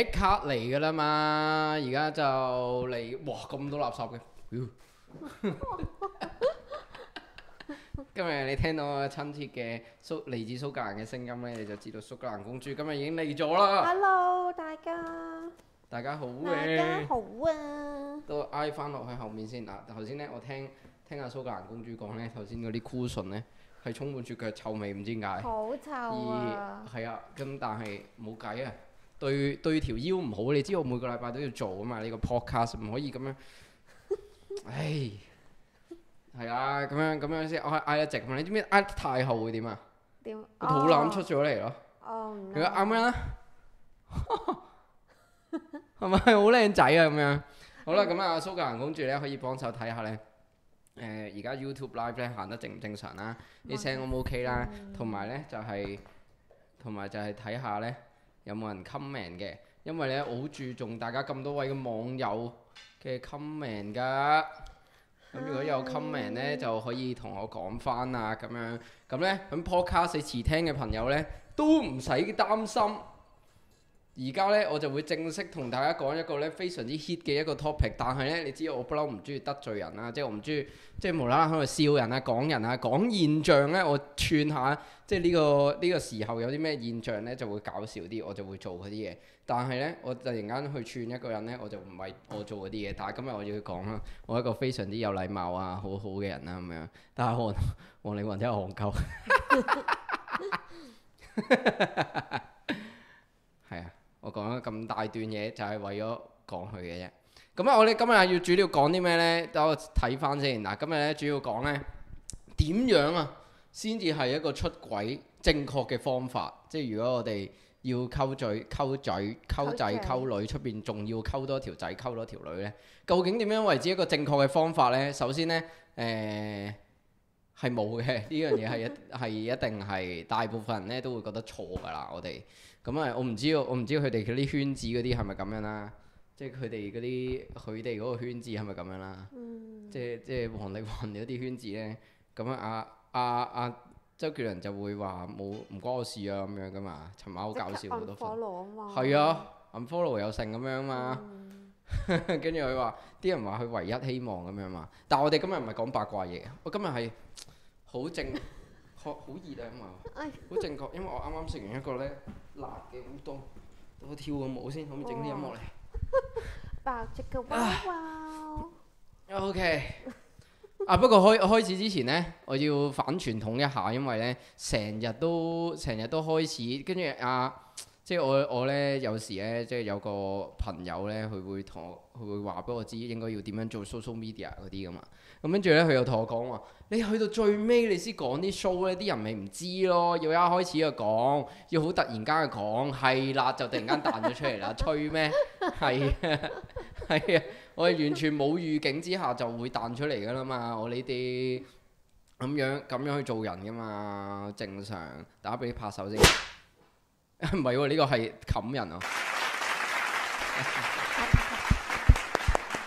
一卡嚟噶啦嘛，而家就嚟，哇咁多垃圾嘅。今日你聽到我親切嘅蘇嚟自蘇格蘭嘅聲音咧，你就知道蘇格蘭公主今日已經嚟咗啦。Hello，大家，大家好啊，大家好啊。都挨翻落去後面先嗱，頭先咧我聽聽阿蘇格蘭公主講咧，頭先嗰啲 cushion 咧係充滿住腳臭味，唔知點解。好臭啊！係啊，咁但係冇計啊。對對條腰唔好，你知道我每個禮拜都要做㗎嘛？呢、這個 podcast 唔可以咁樣。 唉，係啊，咁樣咁樣先，我係嗌一直問你，知唔知嗌太后會點啊？點個肚腩出咗嚟咯？哦唔佢啱唔啱咧？係咪好靚仔啊？咁樣好啦，咁啊蘇格蘭公主咧可以幫手睇下咧。誒、呃，而家 YouTube live 咧行得正唔正常啊？啲、嗯、聲 o 唔 OK 啦，同埋咧就係同埋就係、是、睇、就是、下咧。有冇人 comment 嘅？因為咧，我好注重大家咁多位嘅網友嘅 comment 噶。咁如果有 comment 咧，哎、就可以同我講翻啊咁樣。咁咧，咁 podcast 遲聽嘅朋友咧，都唔使擔心。而家呢，我就會正式同大家講一個呢非常之 hit 嘅一個 topic。但係呢，你知我不嬲唔中意得罪人啦、啊，即係我唔中意即係無啦啦喺度笑人啊、講人啊、講現象呢。我串下即係、呢、呢個呢、呢個時候有啲咩現象呢，就會搞笑啲，我就會做嗰啲嘢。但係呢，我突然間去串一個人呢，我就唔係我做嗰啲嘢。但係今日我要講啦，我係一個非常之有禮貌啊、好好嘅人啊。咁樣、啊。但可能王力雲聽我講鳩。 我講咗咁大段嘢，就係為咗講佢嘅啫。咁啊，我哋今日要主要講啲咩呢？等我睇翻先。嗱，今日咧主要講呢點樣啊，先至係一個出軌正確嘅方法。即係如果我哋要溝嘴、溝仔、溝仔、溝女出邊，仲要溝多條仔、溝多條女呢，究竟點樣為之一個正確嘅方法呢？首先呢，誒係冇嘅呢樣嘢係一係一定係大部分人咧都會覺得錯㗎啦。我哋。咁啊！我唔知我唔知佢哋嗰啲圈子嗰啲係咪咁樣啦，即係佢哋嗰啲佢哋嗰個圈子係咪咁樣啦？即係即係王力宏嗰啲圈子咧，咁啊阿阿周杰倫就會話冇唔關我事啊咁樣噶嘛，尋晚好搞笑好多粉，係啊，unfollow 有剩咁呀、嗯、樣嘛，跟住佢話啲人話佢唯一希望咁樣嘛，但係我哋今日唔係講八卦嘢，我今日係好正確 好，好熱啊嘛，好正確，因為我啱啱食完一個咧。 辣嘅好多等我跳個舞先，可唔可以整啲音樂嚟？爆隻個 Wow。OK 啊。啊不過開開始之前咧，我要反傳統一下，因為咧成日都成日都開始，跟住啊。即係我我咧有時咧，即係有個朋友咧，佢會同佢會話俾我知應該要點樣做 social media 嗰啲噶嘛。咁跟住咧，佢又同我講話：你去到最尾你先講啲 show 咧，啲人咪唔知咯。要一開始就講，要好突然間去講，係啦，就突然間彈咗出嚟啦，吹咩？ 係啊，係啊，我哋完全冇預警之下就會彈出嚟噶啦嘛。我呢啲咁樣咁樣去做人噶嘛，正常。大家俾你拍手先。 唔係喎，呢個係冚人啊！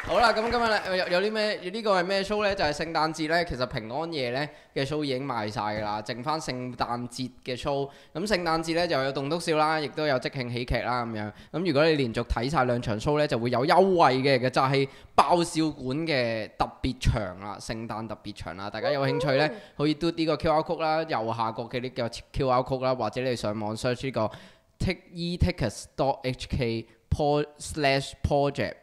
好啦，咁、嗯、今日咧有有啲咩？呃呃呃呃呃這個、呢個係咩 show 咧？就係聖誕節咧。其實平安夜咧嘅 show 已經賣晒㗎啦，剩翻聖誕節嘅 show、嗯。咁聖誕節咧就有棟篤笑啦，亦都有即興喜劇啦咁樣。咁、嗯、如果你連續睇晒兩場 show 咧，就會有優惠嘅。嘅就係、是、爆笑館嘅特別場啦，聖誕特別場啦。大家有興趣咧，哦哦哦、可以嘟呢個 QR code 啦，右下角嘅呢個 QR code 啦，或者你上網 search 個 takee tickets dot hk po slash project。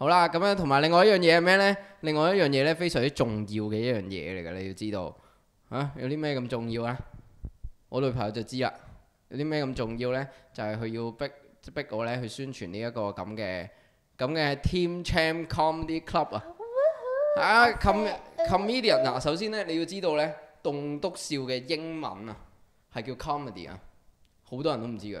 好啦，咁樣同埋另外一樣嘢係咩呢？另外一樣嘢咧，非常之重要嘅一樣嘢嚟㗎，你要知道嚇、啊。有啲咩咁重要啊？我女朋友就知啦。有啲咩咁重要呢？就係佢要逼逼我咧去宣傳呢一個咁嘅咁嘅 Team Champ Comedy Club 啊。 啊，com comedian 嗱，首先呢，你要知道呢，棟篤笑嘅英文啊係叫 comedy 啊，好多人都唔知㗎。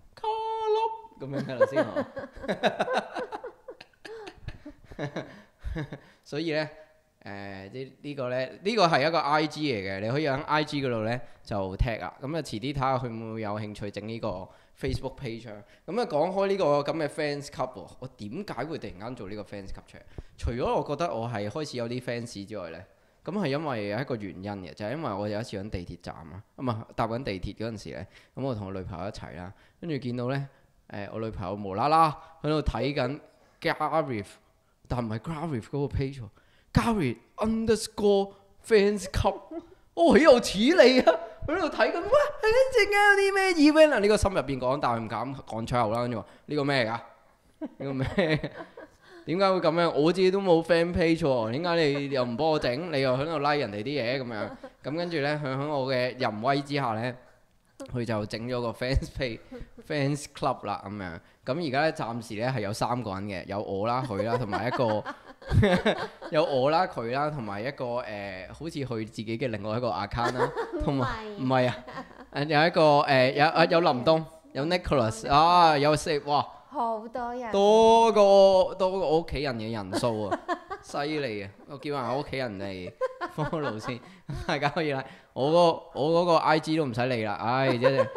咁樣嘅啦，頭先，所以咧誒，啲、呃呢個、呢、呢個咧呢個係一個 I G 嚟嘅，你可以喺 I G 嗰度咧就 tag、嗯、看看有有有啊。咁啊，遲啲睇下佢會唔會有興趣整呢個 Facebook page。咁啊，講開呢、呢個咁嘅 fans club，我點解會突然間做呢個 fans club？除咗我覺得我係開始有啲 fans 之外咧，咁係因為有一個原因嘅，就係、係、因為我有一次喺地鐵站啊，唔係搭緊地鐵嗰陣時咧，咁我同我女朋友一齊啦，跟住見到咧。誒，我女朋友無啦啦喺度睇緊 Gary，但唔係 Gary 嗰個 page，Gary underscore fans club，豈有此理啊，喺度睇緊哇，陣間有啲咩 event 啊？呢個心入邊講，但係唔敢講出口啦。跟住話呢個咩㗎？呢個咩？點解會咁樣？我自己都冇 fan page，點解你又唔幫我整？你又喺度拉人哋啲嘢咁樣？咁跟住咧，佢喺我嘅淫威之下咧，佢就整咗個 fans pay fans club 啦咁樣，咁而家咧暫時咧係有三個人嘅，有我啦，佢啦，同埋一個 有我啦，佢啦，同埋一個誒、呃、好似佢自己嘅另外一個 account 啦、啊，同埋唔係啊，有一個誒、呃、有啊有林東 有 Nicholas 啊有四哇，好多人多過多過屋企人嘅人數啊，犀利 啊！我叫埋我屋企人嚟 follow 先，大家 可以啦。我個我嗰個 I G 都唔使理啦，唉，真係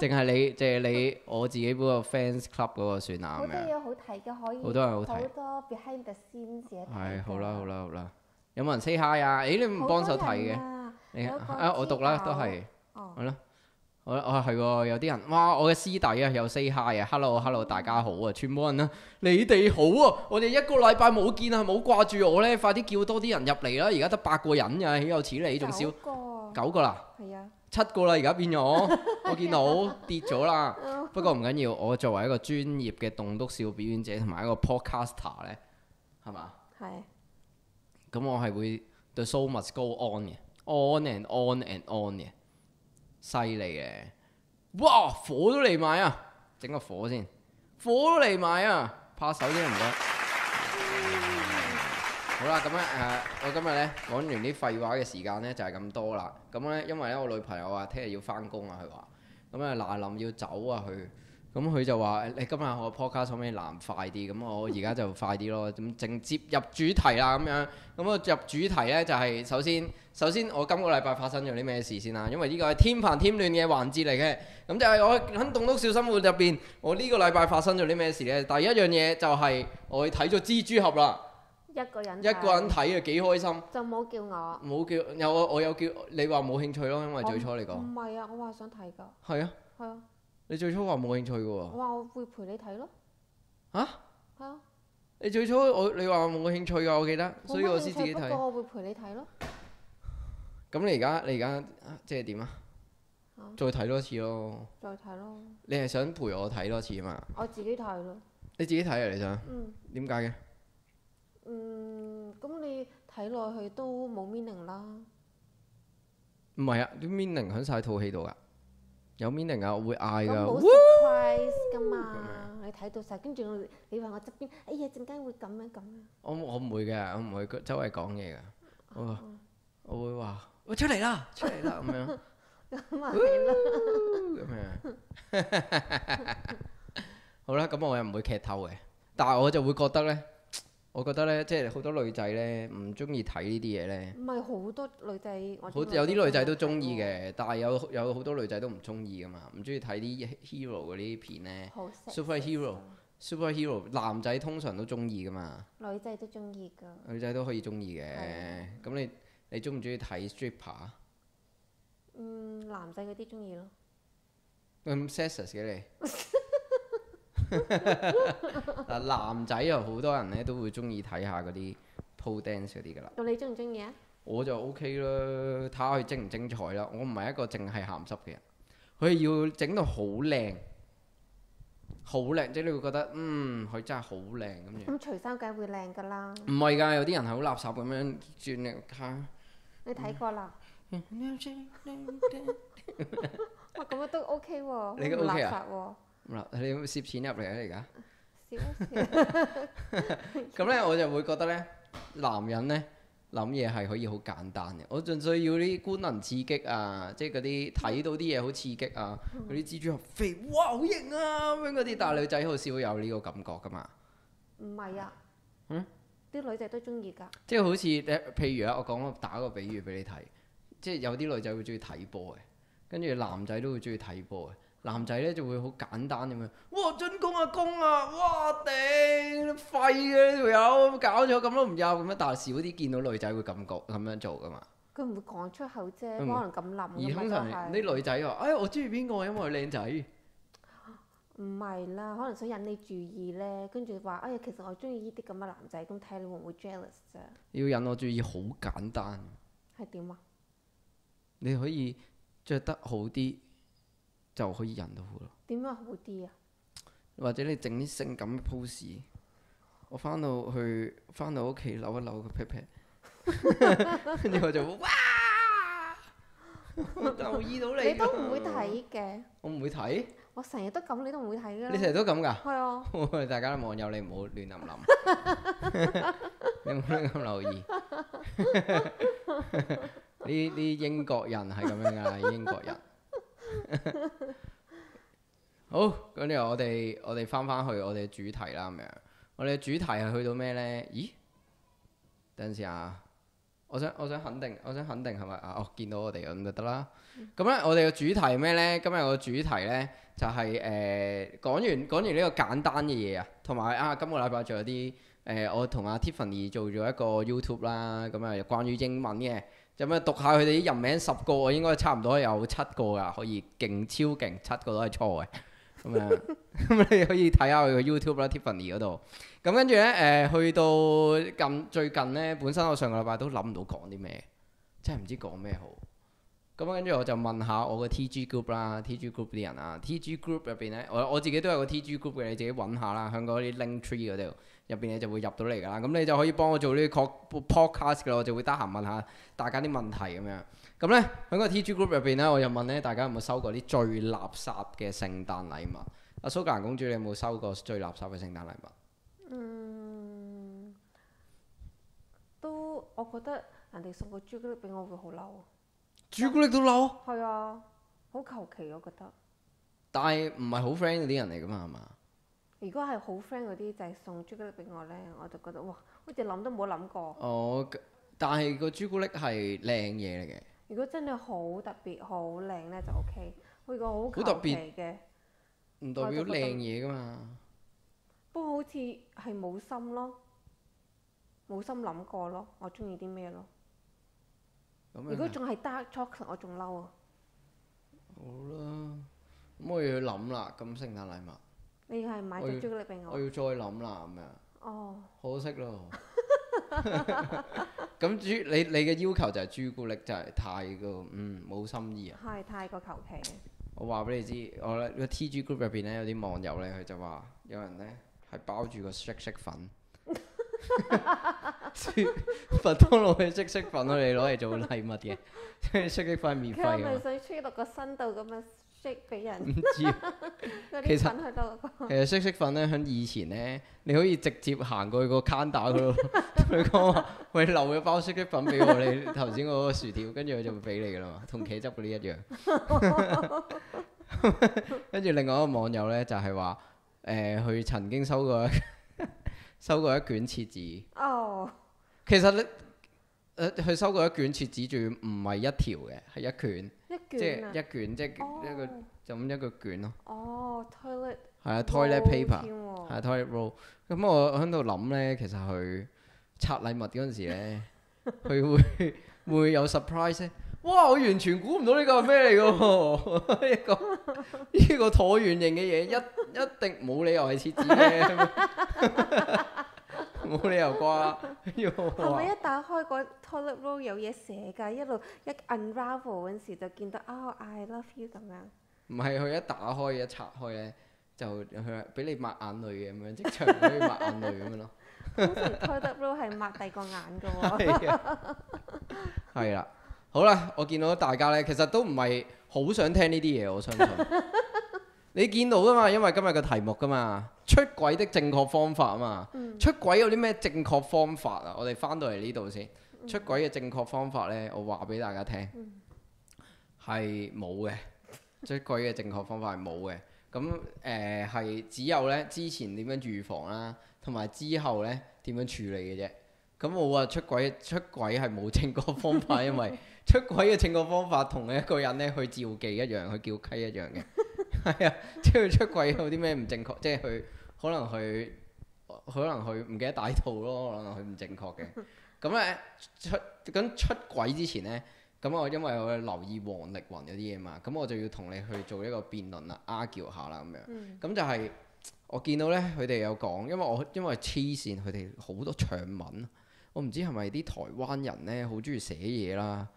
淨係你，淨係 你，你我自己嗰個 fans club 嗰個算啦咁樣。好多嘢好睇嘅可以，多好多嘢好睇，好多 behind the scenes 嘅好啦好啦好啦，有冇人 say hi 啊？咦、哎，你唔幫手睇嘅？啊你啊、哎，我讀啦，都係、哦，好啦，我我係喎。有啲人哇，我嘅師弟又啊，有 say hi 啊，hello hello，大家好啊，全部、嗯、人啦，你哋好啊，我哋一個禮拜冇見啊，冇掛住我咧，快啲叫多啲人入嚟啦，而家得八個人啊，豈有此理！仲少。九個啦，的七個啦，而家變咗， 我見到跌咗啦。 不過唔緊要，我作為一個專業嘅棟篤笑表演者同埋一個 podcaster 咧，係嘛？係的。咁我係會 the show must go on 嘅，on and on and on 嘅，犀利嘅。哇！火都嚟埋啊，整個火先，火都嚟埋啊，拍手先唔得。好啦，咁咧誒，我今日咧講完啲廢話嘅時間咧就係咁多啦。咁咧因為咧我女朋友啊，聽日要翻工啊，佢話咁啊嗱，臨要走啊，佢咁佢就話：你今日我 podcast 可唔可以難快啲？咁我而家就快啲咯，咁直接入主題啦，咁樣咁啊入主題咧就係、是、首先首先我今個禮拜發生咗啲咩事先啦？因為呢個係添煩添亂嘅環節嚟嘅。咁就係我喺棟篤笑生活入邊，我呢個禮拜發生咗啲咩事咧？第一樣嘢就係、是、我去睇咗蜘蛛俠啦。一個人一個人睇啊，幾開心！就冇叫我，冇叫有我，我有叫你話冇興趣咯。因為最初你講唔係啊，我話想睇噶。係啊，係啊。你最初話冇興趣噶喎。我話我會陪你睇咯。嚇？係啊。你最初我你話冇興趣噶，我記得，所以我先自己睇。冇興趣我會陪你睇咯。咁你而家你而家即係點啊？再睇多次咯。再睇咯。你係想陪我睇多次嘛？我自己睇咯。你自己睇啊，你想？嗯。點解嘅？嗯，咁你睇落去都冇 meaning 啦。唔係啊，啲 meaning 喺晒套戲度噶，有 meaning 啊，我會嗌噶。好 surprise 噶嘛， 你睇到晒，跟住你話我側邊，哎呀，陣間會咁樣咁樣。我我唔會嘅，我唔會周圍講嘢噶。我會話我出嚟啦，出嚟啦咁樣。咁啊， 咁樣。好啦，咁我又唔會劇透嘅，但係我就會覺得咧。我覺得咧，即係好多女仔咧，唔中意睇呢啲嘢咧。唔係好多女仔，好有啲女仔都中意嘅，但係有有好多女仔都唔中意噶嘛，唔中意睇啲 hero 嗰啲片咧。性 Superhero，Superhero，男仔通常都中意噶嘛。女仔都中意噶。女仔都可以中意嘅，咁的你你中唔中意睇 stripper？嗯，男仔嗰啲中意咯。咁 sexy 嘅你。 嗱 男仔又好多人咧，都會中意睇下嗰啲 pole dance 嗰啲噶啦。咁你中唔中意啊？我就 O K 咯，睇下佢精唔精彩啦。我唔係一個淨係鹹濕嘅人，佢要整到好靚，好靚即係你會覺得，嗯，佢真係好靚咁樣。咁除衫梗係會靚噶啦。唔係㗎，有啲人係好垃，垃圾咁樣轉嚟卡， 你睇過啦。哇，咁啊都 O K 喎，你都垃圾喎。你會唔會攝錢入嚟啊？而家，攝咁咧，我就會覺得咧，男人咧諗嘢係可以好簡單嘅。我盡需要啲官能刺激啊，即係嗰啲睇到啲嘢好刺激啊，嗰啲、嗯、蜘蛛俠肥，哇好型啊咁樣嗰啲。但係、嗯、女仔好少有呢個感覺噶嘛。唔係啊，嗯，啲女仔都中意㗎。即係好似誒，譬如咧，我講打個比喻俾你睇，即係有啲女仔會中意睇波嘅，跟住男仔都會中意睇波嘅。男仔咧就會好簡單咁樣，哇進攻啊攻啊，哇頂廢嘅呢條友，搞咗咁都唔有咁樣，但係少啲見到女仔會感覺咁樣做噶嘛？佢唔會講出口啫，不可能咁諗。而通常啲、就是、女仔話：哎，我中意邊個？因為佢靚仔。唔係啦，可能想引你注意咧，跟住話：哎呀，其實我中意呢啲咁嘅男仔，咁睇你會唔會 jealous 啫？要引我注意好簡單。係點啊？你可以着得好啲。就可以人到好咯。點樣，好啲啊！或者你整啲性感 pose，我翻到去翻到屋企扭一扭咁劈劈，跟住我就哇！留意到你。你都唔會睇嘅。我唔會睇。我成日都咁，你都唔會睇啦。你成日都咁㗎？係啊。大家網友，你唔好亂諗諗。你唔可以咁留意。呢啲英國人係咁樣㗎，英國人。 好，跟住我哋我哋翻翻去我哋嘅主題啦，咁樣我哋嘅主題係去到咩呢？咦，等陣先啊！我想我想肯定，我想肯定係咪啊？哦，見到我哋咁就得啦。咁咧、嗯，我哋嘅主題咩呢？今日我嘅主題呢、就是，就係誒，講完講完呢個簡單嘅嘢啊，同埋啊，今個禮拜仲有啲誒、呃，我同阿 Tiffany 做咗一個 YouTube 啦，咁、嗯、啊關於英文嘅。就冇讀下佢哋啲人名？十個我應該差唔多有七個㗎，可以勁超勁，七個都係錯嘅。咁樣咁你可以睇下佢個 YouTube 啦，Tiffany 嗰度。咁跟住咧，誒、呃、去到近最近咧，本身我上個禮拜都諗唔到講啲咩，真係唔知講咩好。咁跟住我就問下我個 TG group 啦，TG group 啲人啊，TG group 入邊咧，我我自己都有個 TG group 嘅，你自己揾下啦，香港啲 link tree 嗰度。入邊咧就會入到嚟噶啦，咁你就可以幫我做呢啲 call podcast 噶啦，我就會得閒問下大家啲問題咁樣。咁呢，喺個 TG group 入邊呢，我又問呢大家有冇收過啲最垃圾嘅聖誕禮物。阿蘇格蘭公主，你有冇收過最垃圾嘅聖誕禮物？嗯，都我覺得人哋送個朱古力俾我會好嬲。朱古力都嬲？係啊，好求其我覺得。但係唔係好 friend 嗰啲人嚟噶嘛係嘛？如果係好 friend 嗰啲就係、是、送朱古力俾我呢。我就覺得哇，好似諗都冇諗過。哦，但係個朱古力係靚嘢嚟嘅。如果真係好特別、好靚呢，就 OK。如果好特別嘅，唔代表靚嘢㗎嘛。不過好似係冇心咯，冇心諗過咯，我中意啲咩咯？啊、如果仲係 dark chocolate，我仲嬲。啊。好啦，咁我要去諗啦，咁聖誕禮物。你係買朱朱古力俾我，我？我要再諗啦，咁樣哦，可惜、oh. 咯。咁朱 你你嘅要求就係朱古力就係、是、太過嗯冇心意啊，係太，太過求其。我話俾你知，我、這、咧個 T G Group 入邊咧有啲網友咧，佢就話有人咧係包住個 Shake Shake 粉， 佛 sh 粉麥當勞嘅 Shake Shake 粉啊，你攞嚟做禮物嘅，即係 Shake Shake 粉免費嘅。我咪想吹落個身度咁啊！即俾給人唔知， 其實 其實 Shake Shake 粉咧喺以前咧，你可以直接行過去個 counter 度佢咯。佢講話：喂，留一包 Shake Shake 粉俾我，你頭先嗰個薯條，跟住佢就會俾你噶啦嘛，同茄汁嗰啲一樣。 跟住另外一個網友咧就係、是、話：誒、呃，佢曾經收過一 收過一卷廁紙。哦，oh. 其實你誒佢收過一卷廁紙，仲要唔係一條嘅，係一卷。即係一卷，即係、哦、一個就咁一個卷咯。哦，toilet 係啊，toilet paper 係啊，toilet roll。咁、啊嗯、我喺度諗咧，其實佢拆禮物嗰陣時咧，佢 會會有 surprise。哇！我完全估唔到呢個係咩嚟㗎？呢 個呢個橢圓形嘅嘢，一一,一定冇理由係廁紙嘅。 冇理由啩，係咪 一打開、個 toilet roll 有嘢寫㗎？一路一 unravel 嗰時就見到啊、oh，I love you 咁樣。唔係佢一打開一拆開咧，就佢俾你抹眼淚嘅咁樣， 即場可以抹眼淚咁樣咯。 通常 toilet roll 係 抹第個眼噶喎。係啊， 係啦，好啦，我見到大家咧，其實都唔係好想聽呢啲嘢，我相信。 你見到噶嘛？因為今日個題目噶嘛，出軌的正確方法啊嘛，嗯、出軌有啲咩正確方法啊？我哋返到嚟呢度先，出軌嘅正確方法呢，我話俾大家聽，係冇嘅。出軌嘅正確方法係冇嘅。咁誒係只有呢之前點樣預防啦、啊，同埋之後呢點樣處理嘅啫。咁我話出軌出軌係冇正確方法，因為出軌嘅正確方法同一個人呢去召妓一樣，去叫雞一樣嘅。 係啊，即係 出軌有啲咩唔正確？ 即係佢可能去，佢可能去唔記得帶套咯，可能佢唔正確嘅。咁咧 出，咁出軌之前咧，咁我因為我留意王力宏嗰啲嘢嘛，咁我就要同你去做一個辯論啦，argue 下啦咁樣。咁、嗯、就係我見到咧，佢哋有講，因為我因為黐線，佢哋好多長文，我唔知係咪啲台灣人咧好中意寫嘢啦，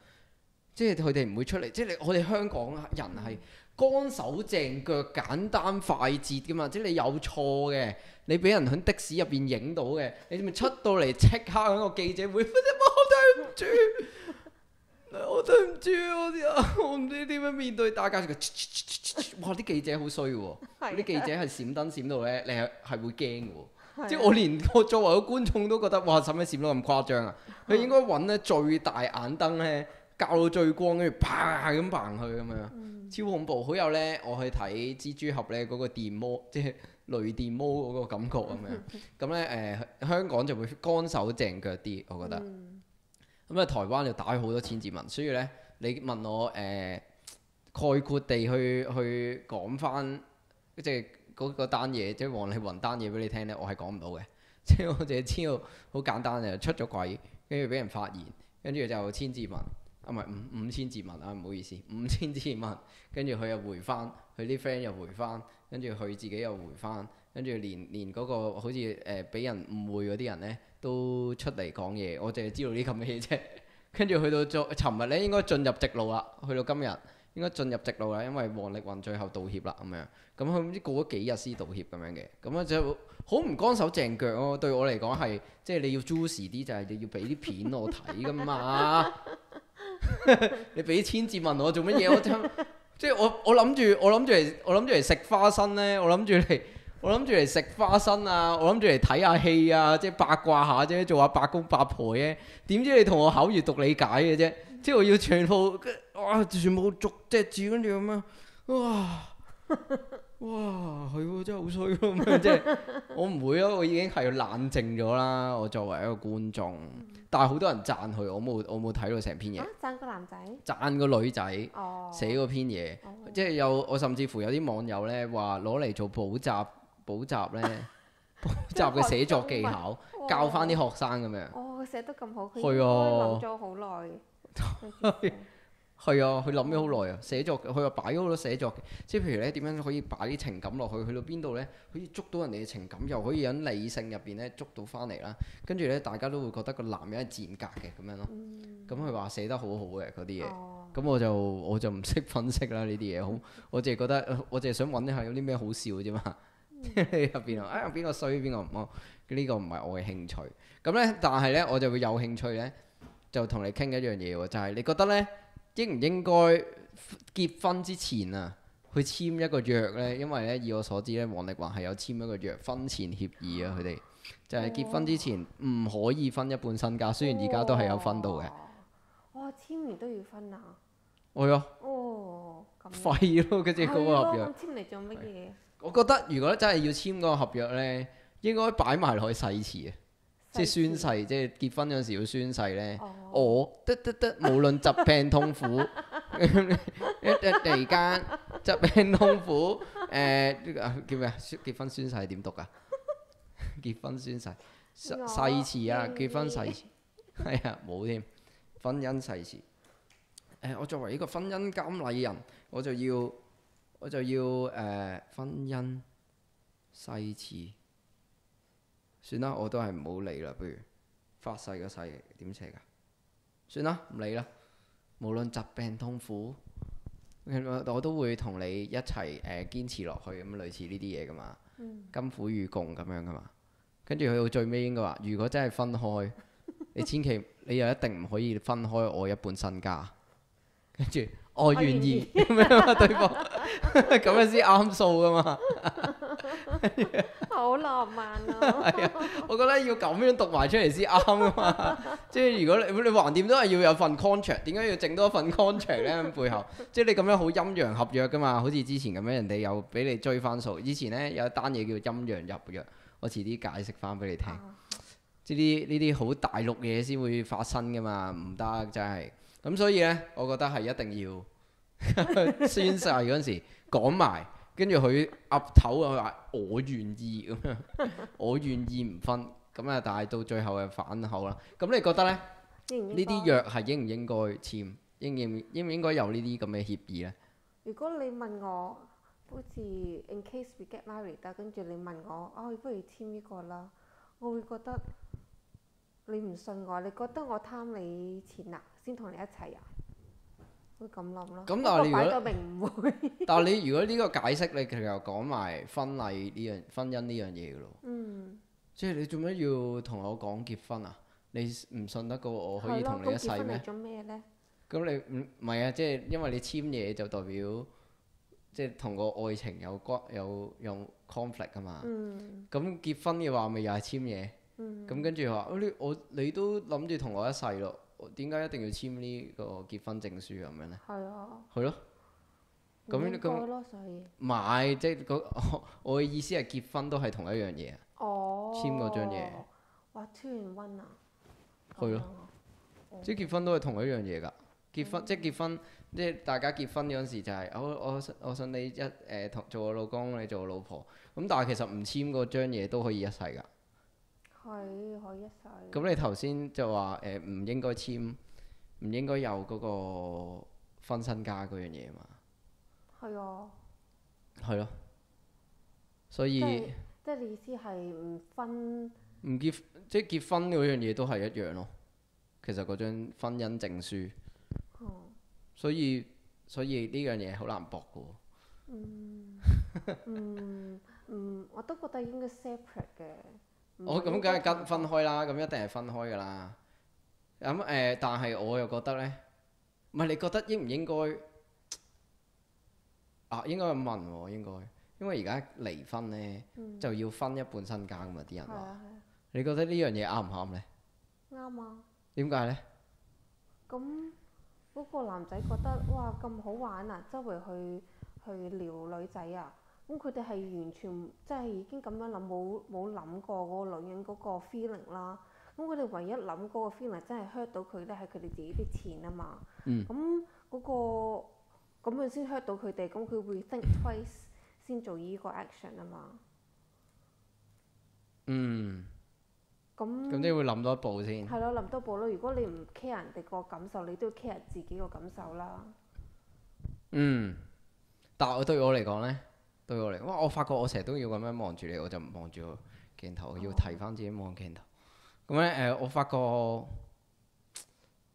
即係佢哋唔會出嚟，即係我哋香港人係。嗯乾手淨腳簡單快捷嘅嘛，即係你有錯嘅，你俾人喺的士入邊影到嘅，你咪出到嚟即刻喺個記者會，先生 我對唔住， 我對唔住我，我唔知點樣面對大家。哇！啲記者好衰喎，啲是、啊、記者係閃燈閃到咧，你係係會驚嘅喎。是啊、即係我連我作為個觀眾都覺得哇，使乜閃到咁誇張啊？佢 應該揾咧最大眼燈咧。教到最光，跟住啪咁掹去。咁樣，嗯、超恐怖。好有咧，我去睇蜘蛛俠咧，嗰個電魔即係雷電魔嗰個感覺咁樣。咁咧誒，香港就會乾手淨腳啲，我覺得。咁啊、嗯，台灣就打好多千字文，所以咧，你問我誒、呃、概括地去去講返即係嗰嗰單嘢，即、就、係、是那個就是、王力宏單嘢俾你聽咧，我係講唔到嘅。即、就、係、是、我淨係知道好簡單嘅，出咗軌，跟住俾人發現，跟住就千字文。 啊，唔係五五千字文啊，唔、哎、好意思，五千字文。跟住佢又回翻，佢啲 friend 又回翻，跟住佢自己又回翻，跟住連連嗰個好似誒俾人誤會嗰啲人咧，都出嚟講嘢。我淨係知道呢咁嘅嘢啫。跟住去到昨尋日咧，應該進入直路啦。去到今日應該進入直路啦，因為王力宏最後道歉啦咁樣。咁佢唔知過咗幾日先道歉咁樣嘅。咁咧就好唔乾手淨腳哦、啊。對我嚟講係，即、就、係、是、你要 juicy 啲就係你要俾啲片 我睇噶嘛。 你俾千字問我做乜嘢？我真，即係我我諗住我諗住嚟我諗住嚟食花生咧，我諗住嚟我諗住嚟食花生啊！我諗住嚟睇下戲啊，即係八卦下啫，做下八公八婆啫。點知你同我口語讀理解嘅啫？即係我要全部哇，全部逐隻字跟住咁樣哇哇，係、啊、真係好衰咁樣啫！即係我唔會囉，我已經係要冷靜咗啦。我作為一個觀眾。但係好多人讚佢，我冇我冇睇到成篇嘢。讚、啊、個男仔，讚個女仔寫嗰篇嘢，哦、即係有我甚至乎有啲網友呢話攞嚟做補習補習呢， 補習嘅寫作技巧、 哦、教翻啲學生咁樣、哦。哦，佢寫得咁好，佢研究咗好耐。 係啊，佢諗咗好耐啊，寫作佢又擺咗好多寫作，即係譬如咧點樣可以擺啲情感落去，去到邊度咧？可以捉到人哋嘅情感，又可以喺理性入邊咧捉到翻嚟啦。跟住咧，大家都會覺得個男人係賤格嘅咁樣咯。咁佢話寫得好好嘅嗰啲嘢，咁我就我就唔識分析啦呢啲嘢。好、嗯嗯嗯，我就，我就我我覺得我淨係想揾一下有啲咩好笑嘅啫嘛入邊啊，啊邊、嗯 哎邊個衰邊個唔好呢個唔係我嘅興趣咁咧、嗯。但係咧我就會有興趣咧，就同你傾一樣嘢喎，就係、是、你覺得咧。應唔應該結婚之前啊，去簽一個約呢？因為咧，以我所知咧，王力宏係有簽一個約婚前協議啊，佢哋就係、是、結婚之前唔可以分一半身家，哦、雖然而家都係有分到嘅。哇、哦！簽、哦、完都要分啊？係啊、哎呀。哦，咁。廢咯，嗰隻嗰個合約。嗯、簽嚟做乜嘢？我覺得如果真係要簽嗰個合約呢，應該擺埋落去誓詞。即宣誓，啊、即結婚嗰時要宣誓咧。哦、我得得得，無論疾病痛苦，突然 間疾病痛苦，誒呢個叫咩啊？結婚宣誓點讀 啊？嗯、結婚宣誓誓詞啊？結婚誓詞係啊冇添，婚姻誓詞。誒、呃，我作為一個婚姻監禮人，我就要我就要誒、呃、婚姻誓詞。算啦，我都係唔好理啦，不如發誓個誓點寫噶？算啦，唔理啦。無論疾病痛苦，我都會同你一齊誒、呃、堅持落去，咁類似呢啲嘢噶嘛。嗯、甘苦與共咁樣噶嘛。跟住去到最尾應該話，如果真係分開， 你千祈你又一定唔可以分開我一半身家。跟住。哦、願我願意咁 對吧 樣嘛，對方咁樣先啱數噶嘛。好浪漫啊！係啊 我覺得要咁樣讀埋出嚟先啱啊嘛。即 係 如果你你橫掂都係要有份 contract，點解要整多份 contract 咧？ 背後即係你咁樣好陰陽合約噶嘛。好似之前咁樣，人哋又俾你追翻數。以前咧，有一單嘢叫陰陽入約，我遲啲解釋翻俾你聽。呢啲呢啲好大陸嘢先會發生噶嘛，唔得真係。咁所以咧，我覺得係一定要宣誓嗰陣時講埋，跟住佢岌頭啊話我願意咁，我願意唔分咁啊！但係到最後又反口啦。咁你覺得咧？呢啲約係應唔應該簽？應應應唔應該有呢啲咁嘅協議咧？如果你問我，好似 in case we get married，跟住你問我啊，不如簽呢個啦，我會覺得你唔信我，你覺得我貪你錢啊？先同你一齊啊！會咁諗咯。咁但係如果，你如果但係你如果呢個解釋， 你其實又講埋婚禮呢樣婚姻呢樣嘢嘅咯。嗯、即係你做咩要同我講結婚啊？你唔信得過我可以同你一世咩？咁結婚嚟做咩咧？咁、嗯、你唔唔係啊？即係因為你簽嘢就代表即係同個愛情有關有有 conflict 啊嘛。咁、嗯、結婚嘅話，咪又係簽嘢。咁跟住話，我，你，我你都諗住同我一世咯。點解一定要簽呢個結婚證書咁樣呢？係啊。係咯、啊。咁咁該以買即係、啊那個、 我嘅意思係結婚都係同一樣嘢。哦。簽嗰張嘢。哇！咯、啊，啊嗯、即係結婚都係同一樣嘢㗎。結婚、嗯、即係結婚，即係大家結婚嗰陣時就係、是、我我我想你一誒同、呃、做我老公，你做我老婆。咁但係其實唔簽嗰張嘢都可以一世㗎。係，可以一世。咁你頭先就話誒，唔應該簽，唔應該有嗰個婚身家嗰樣嘢嘛？係啊。係咯。所以，即係你意思係唔分，唔結即係結婚嗰樣嘢都係一樣咯，其實嗰張婚姻證書，所以所以呢樣嘢好難博嘅。嗯。嗯嗯我都覺得應該 separate 嘅。我咁梗係分開啦，咁一定係分開㗎啦。咁誒，但係我又覺得呢，唔係你覺得應唔應該啊？應該問喎，應該，因為而家離婚呢就要分一半身家㗎嘛，啲人話。你覺得呢樣嘢啱唔啱呢？啱啊。點解呢？咁嗰個男仔覺得哇咁好玩啊，周圍去去撩女仔啊。咁佢哋係完全即係已經咁樣諗，冇冇諗過嗰個女人嗰個 feeling 啦。咁佢哋唯一諗嗰個 feeling 真係 hurt 到佢，即係佢哋自己啲錢啊嘛。咁嗰、嗯嗰個咁樣先 hurt 到佢哋，咁佢會 think twice 先做呢個 action 啊嘛。嗯。咁咁你會諗多一步先，啊。係咯，諗多一步咯。如果你唔 care 人哋個感受，你都要 care 自己個感受啦。嗯，但我對我嚟講咧。對我嚟，哇！我發覺我成日都要咁樣望住你，我就唔望住個鏡頭，要提翻自己望鏡頭。咁咧誒，我發覺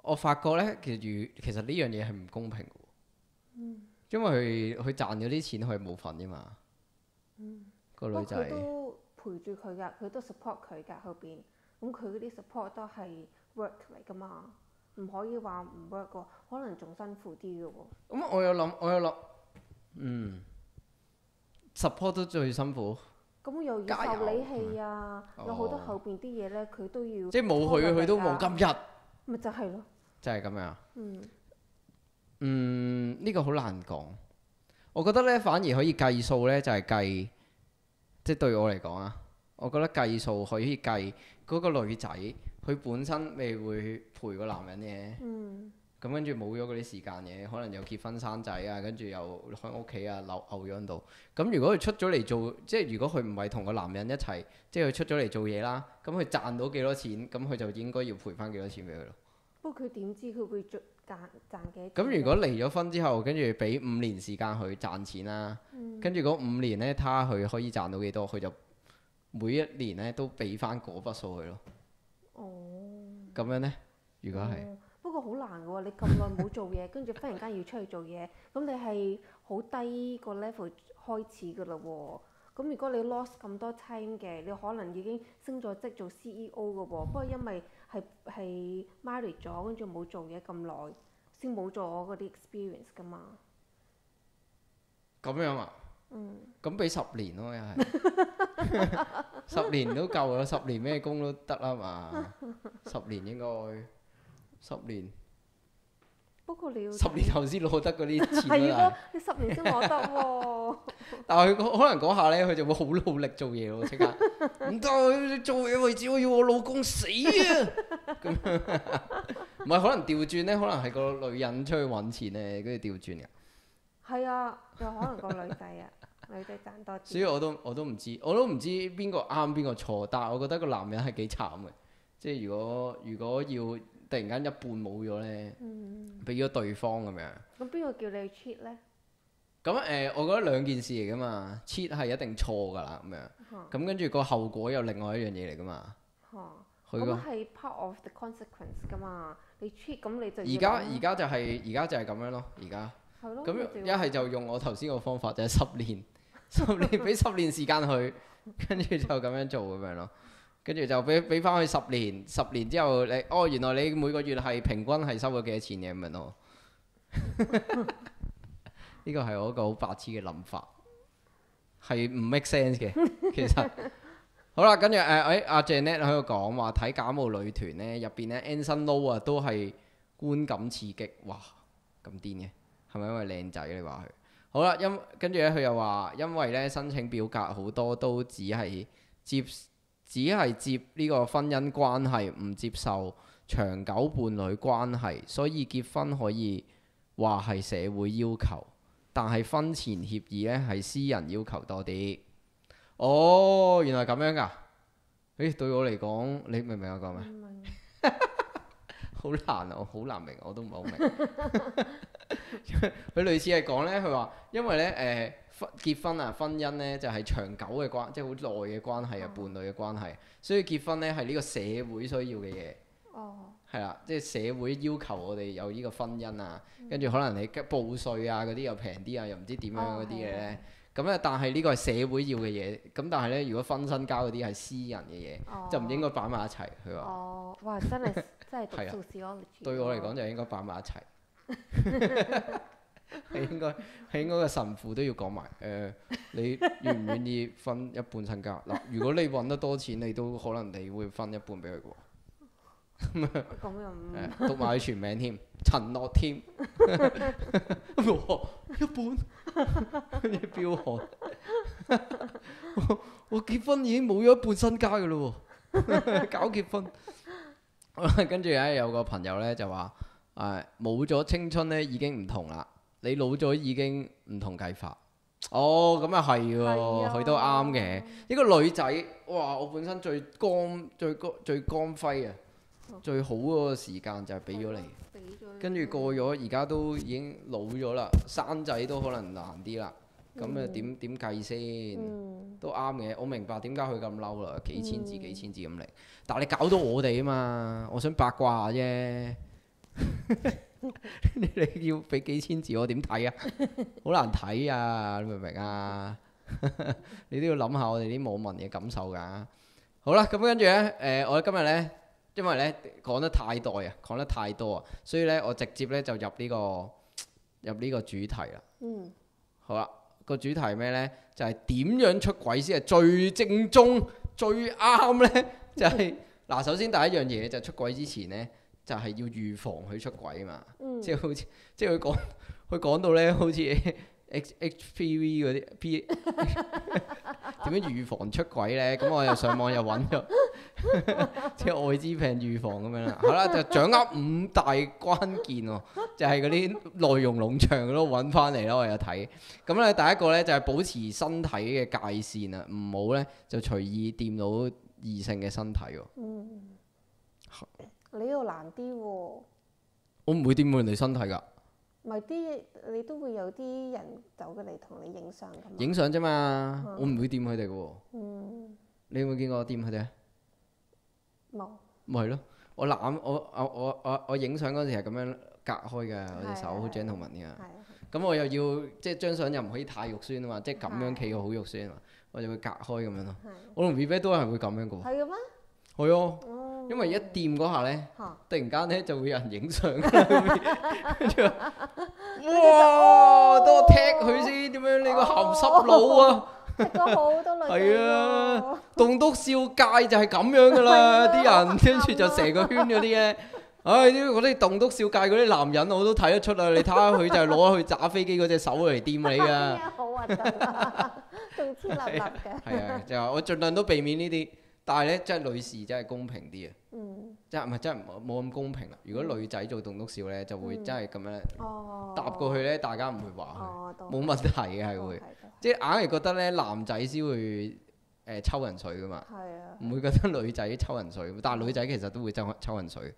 我發覺咧，其實如其實呢樣嘢係唔公平嘅。嗯。因為佢佢賺咗啲錢，佢冇份㗎嘛。嗯。個女仔。不過佢都陪住佢㗎，佢都 support 佢㗎後邊。咁佢嗰啲 support 都係 work 嚟㗎嘛，唔可以話唔 work 㗎，可能仲辛苦啲嘅喎。咁我有諗，我有諗，嗯。support 都最辛苦油。咁又要受你氣啊！嗯、有好多後邊啲嘢咧，佢都要即係冇佢，佢、啊、都冇今日、啊。咪就係咯。就係咁樣。嗯。嗯，呢個好難講。我覺得咧，反而可以計數咧，就係、是、計，即、就、係、是、對我嚟講啊，我覺得計數可以計嗰個女仔，佢本身未會陪個男人嘅。嗯。咁跟住冇咗嗰啲時間嘅，可能又結婚生仔啊，跟住又喺屋企啊留飼養度。咁如果佢出咗嚟做，即係如果佢唔係同個男人一齊，即係佢出咗嚟做嘢啦。咁佢賺到幾多錢，咁佢就應該要賠翻幾多錢俾佢咯。會不過佢點知佢會賺賺幾多？咁如果離咗婚之後，跟住俾五年時間佢賺錢啦。跟住嗰五年咧，他佢可以賺到幾多，佢就每一年咧都俾翻嗰筆數佢咯。哦。咁樣呢，如果係。嗯好、 嗯、難嘅喎，你咁耐冇做嘢，跟住忽然間要出去做嘢，咁你係好低個 level 開始嘅嘞喎。咁如果你 loss 咁多 time 嘅，你可能已經升咗職做 CEO 嘅喎。不過因為係係 married 咗，跟住冇做嘢咁耐，先冇咗嗰啲 experience 噶嘛。咁樣啊？嗯。咁俾十年咯，哦，又係十年都夠啦，十年咩工都得啦嘛，十年應該。十年，不過你十年後先攞 得嗰啲錢啊！係，如果你十年先攞得喎。但係佢可能講下咧，佢就會好努力做嘢喎，即刻唔得， 做嘢為止，我要我老公死啊！咁唔係可能調轉咧，可能係個女人出去揾錢咧，跟住調轉啊，係啊，又可能個女仔啊，女仔賺多啲。所以我都我都唔知，我都唔知邊個啱邊個錯，但係我覺得個男人係幾慘嘅，即係如果如果要。突然間一半冇咗咧，俾咗對方咁樣。咁邊個叫你去 cheat 咧？咁誒，我覺得兩件事嚟噶嘛，cheat 係一定錯噶啦，咁樣。咁跟住個後果有另外一樣嘢嚟噶嘛。嚇！佢個係 part of the consequence 噶嘛，你 cheat 咁你就而家而家就係而家就係咁樣咯，而家。係咯。咁一係就用我頭先個方法，就係十年，十年俾十年時間去，跟住就咁樣做咁樣咯。跟住就俾俾翻佢十年，十年之後你，哦，原來你每個月係平均係收咗幾多錢嘅咁樣咯？呢 個係我一個好白痴嘅諗法，係唔 make sense 嘅。其實 好啦，跟住誒誒，阿 Janet 喺度講話睇假冒女團呢，入邊呢 Anson Lo 啊，都係觀感刺激，哇咁癲嘅，係咪因為靚仔你話佢？好啦，因跟住咧，佢又話因為咧，申請表格好多都只係接只係接呢個婚姻關係，唔接受長久伴侶關係，所以結婚可以話係社會要求，但係婚前協議呢，係私人要求多啲。哦，原來咁樣㗎？誒、哎，對我嚟講，你明唔明我講咩？唔明。好 難啊，我好難明，我都唔係好明。佢 類似係講呢，佢話因為呢。誒、呃。婚結婚啊，婚姻咧就係、是、長久嘅關，即係好耐嘅關係啊，哦、伴侶嘅關係。所以結婚咧係呢個社會需要嘅嘢，係啦、哦，即係、就是、社會要求我哋有呢個婚姻啊。嗯、跟住可能你報稅啊嗰啲又平啲啊，又唔知點樣嗰啲嘢咧。咁咧、哦，但係呢個係社會要嘅嘢。咁但係咧，如果婚身交嗰啲係私人嘅嘢，哦、就唔應該擺埋一齊。佢話、哦，哇，真係真係 對，啊、對我嚟講就應該擺埋一齊。 係應該，係應該個神父都要講埋。誒、呃，你願唔願意分一半身家？嗱， 如果你揾得多錢，你都可能你會分一半俾佢嘅喎。讀埋佢全名添， 陳諾添。 一半，彪 飆寒。我 我結婚已經冇咗一半身家嘅咯喎， 搞結婚。 跟住咧有個朋友咧就話：誒、呃，冇咗青春咧已經唔同啦。你老咗已經唔同計法，哦，咁又係喎，佢、啊、都啱嘅。啊、一個女仔，哇！我本身最光、最光、最光輝啊，哦、最好嗰個時間就係俾咗你，跟住過咗，而家都已經老咗啦，生仔都可能難啲啦。咁啊點點計先？嗯、都啱嘅，我明白點解佢咁嬲啦，幾千字幾千字咁嚟，嗯、但係你搞到我哋啊嘛，我想八卦啫。 你要俾幾千字我點睇啊？好 難睇啊！你明唔明啊？ 你都要諗下我哋啲網民嘅感受㗎、啊。好啦，咁跟住呢，誒、呃，我今日呢，因為呢講得太多啊，講得太多啊，所以呢，我直接呢就入呢、這個入呢個主題啦。嗯、好啦，個主題咩呢？就係點樣出軌先係最正宗、最啱呢？就係、是、嗱，嗯、首先第一樣嘢就出軌之前呢。就係要預防佢出軌嘛，即係、嗯、好似，即係佢講，佢講到咧，好似 H H P V 嗰啲，點樣預防出軌咧？咁 我又上網又揾咗，即係愛滋病預防咁樣啦。好啦，就掌握五大關鍵喎、哦，就係嗰啲內容農場都揾翻嚟咯。我有睇，咁咧第一個咧就係保持身體嘅界線啊，唔好咧就隨意掂到異性嘅身體喎、哦。嗯 你又難啲喎！我唔會掂過人哋身體㗎。咪啲你都會有啲人走過嚟同你影相咁。影相啫嘛，我唔會掂佢哋嘅喎。嗯。你有冇見過我掂佢哋啊？冇。咪係咯，我攬我我我我影相嗰陣時係咁樣隔開㗎，我隻手好 gentleman 㗎。係啊。咁我又要即係張相又唔可以太肉酸啊嘛，即係咁樣企個好肉酸啊嘛，我就會隔開咁樣咯。我同 Vivian 都係會咁樣個。係嘅咩？係啊。因為一掂嗰下咧，突然間咧就會有人影相，跟住話：哇，等我踢佢先，點樣你個鹹濕佬啊！踢咗好多女係啊，棟篤笑界就係咁樣噶啦，啲人跟住就成個圈嗰啲咧。唉，啲我啲棟篤笑界嗰啲男人我都睇得出啊！你睇下佢就係攞去揸飛機嗰隻手嚟掂你㗎，好核突，仲黐笠笠嘅。係啊，就話我盡量都避免呢啲。但係咧，即係女士真係公平啲啊！即係唔係即係冇咁公平啊。如果女仔做棟篤笑咧，就會真係咁樣搭過去咧，大家唔會話佢冇問題嘅，係會即係硬係覺得咧，男仔先會誒抽人水㗎嘛，唔會覺得女仔抽人水。但係女仔其實都會爭抽人水。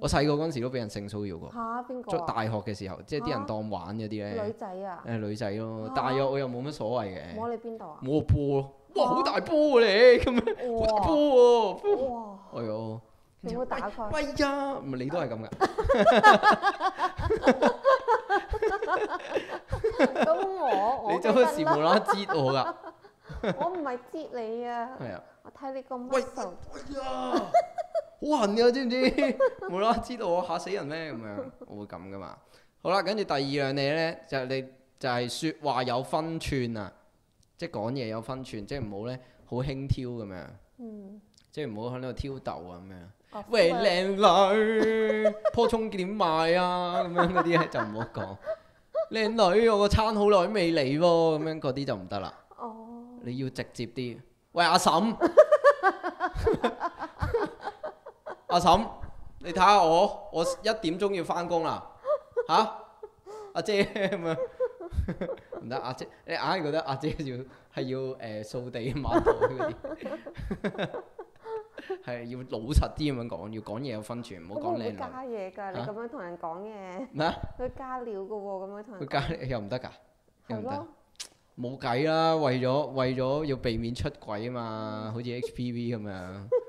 我細個嗰陣時都俾人性騷擾過。嚇邊個？大學嘅時候，即係啲人當玩嗰啲咧。女仔啊！誒女仔咯，但係又我又冇乜所謂嘅。摸你邊度啊？摸波咯～哇，好大波啊！你咁樣，波喎！哇，波啊、哇哎呦，你好打佢？喂！呀！唔係你都係咁㗎。咁 我，我你做乜事無啦啦接我㗎？ 我唔係知你啊！係啊，我睇你咁威勢。好痕啊！知唔知？無啦啦知道我嚇死人咩？咁樣我會咁㗎嘛？好啦，跟住第二樣嘢咧，就係、是、你就係、是、說話有分寸啊！即係講嘢有分寸，即係唔好咧，好輕佻咁樣。嗯、即係唔好喺度挑逗啊咁樣。喂，靚女， 棵葱點賣啊？咁樣嗰啲就唔好講。靚 女，我個餐好耐都未嚟喎，咁樣嗰啲就唔得啦。哦。你要直接啲。喂，阿嬸。 阿嬸，你睇下我，我一點鐘要翻工啦。吓、啊，阿姐咁樣。 唔得，阿姐，你硬係覺得阿姐要係要誒掃、呃、地抹台嗰啲，係 要老實啲咁樣講，要講嘢有分寸，唔好講靚女。你加嘢㗎，啊、你咁樣同人講嘢。咩麼？佢加料㗎喎，咁樣同人。佢加又唔得㗎，又唔得。冇計啦，為咗為咗要避免出軌啊嘛， 好似 HPV 咁樣。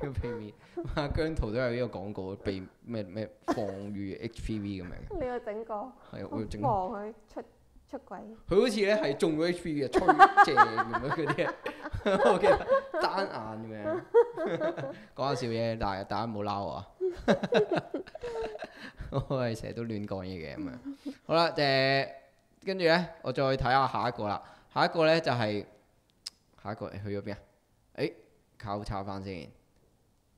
叫避免，阿 姜濤都有呢個廣告，避咩咩防御 h p v 咁樣。你有整過？係，我整過。佢出出軌。佢好似咧係中咗 h p v 嘅，吹 正咁樣嗰啲，單 眼咁樣。講下笑嘢， 但係大家唔好鬧我、啊。 我係成日都亂講嘢嘅咁樣。好啦，誒、呃，跟住咧，我再睇下下一個啦。下一個咧就係、是、下一個，去咗邊啊？交叉翻先，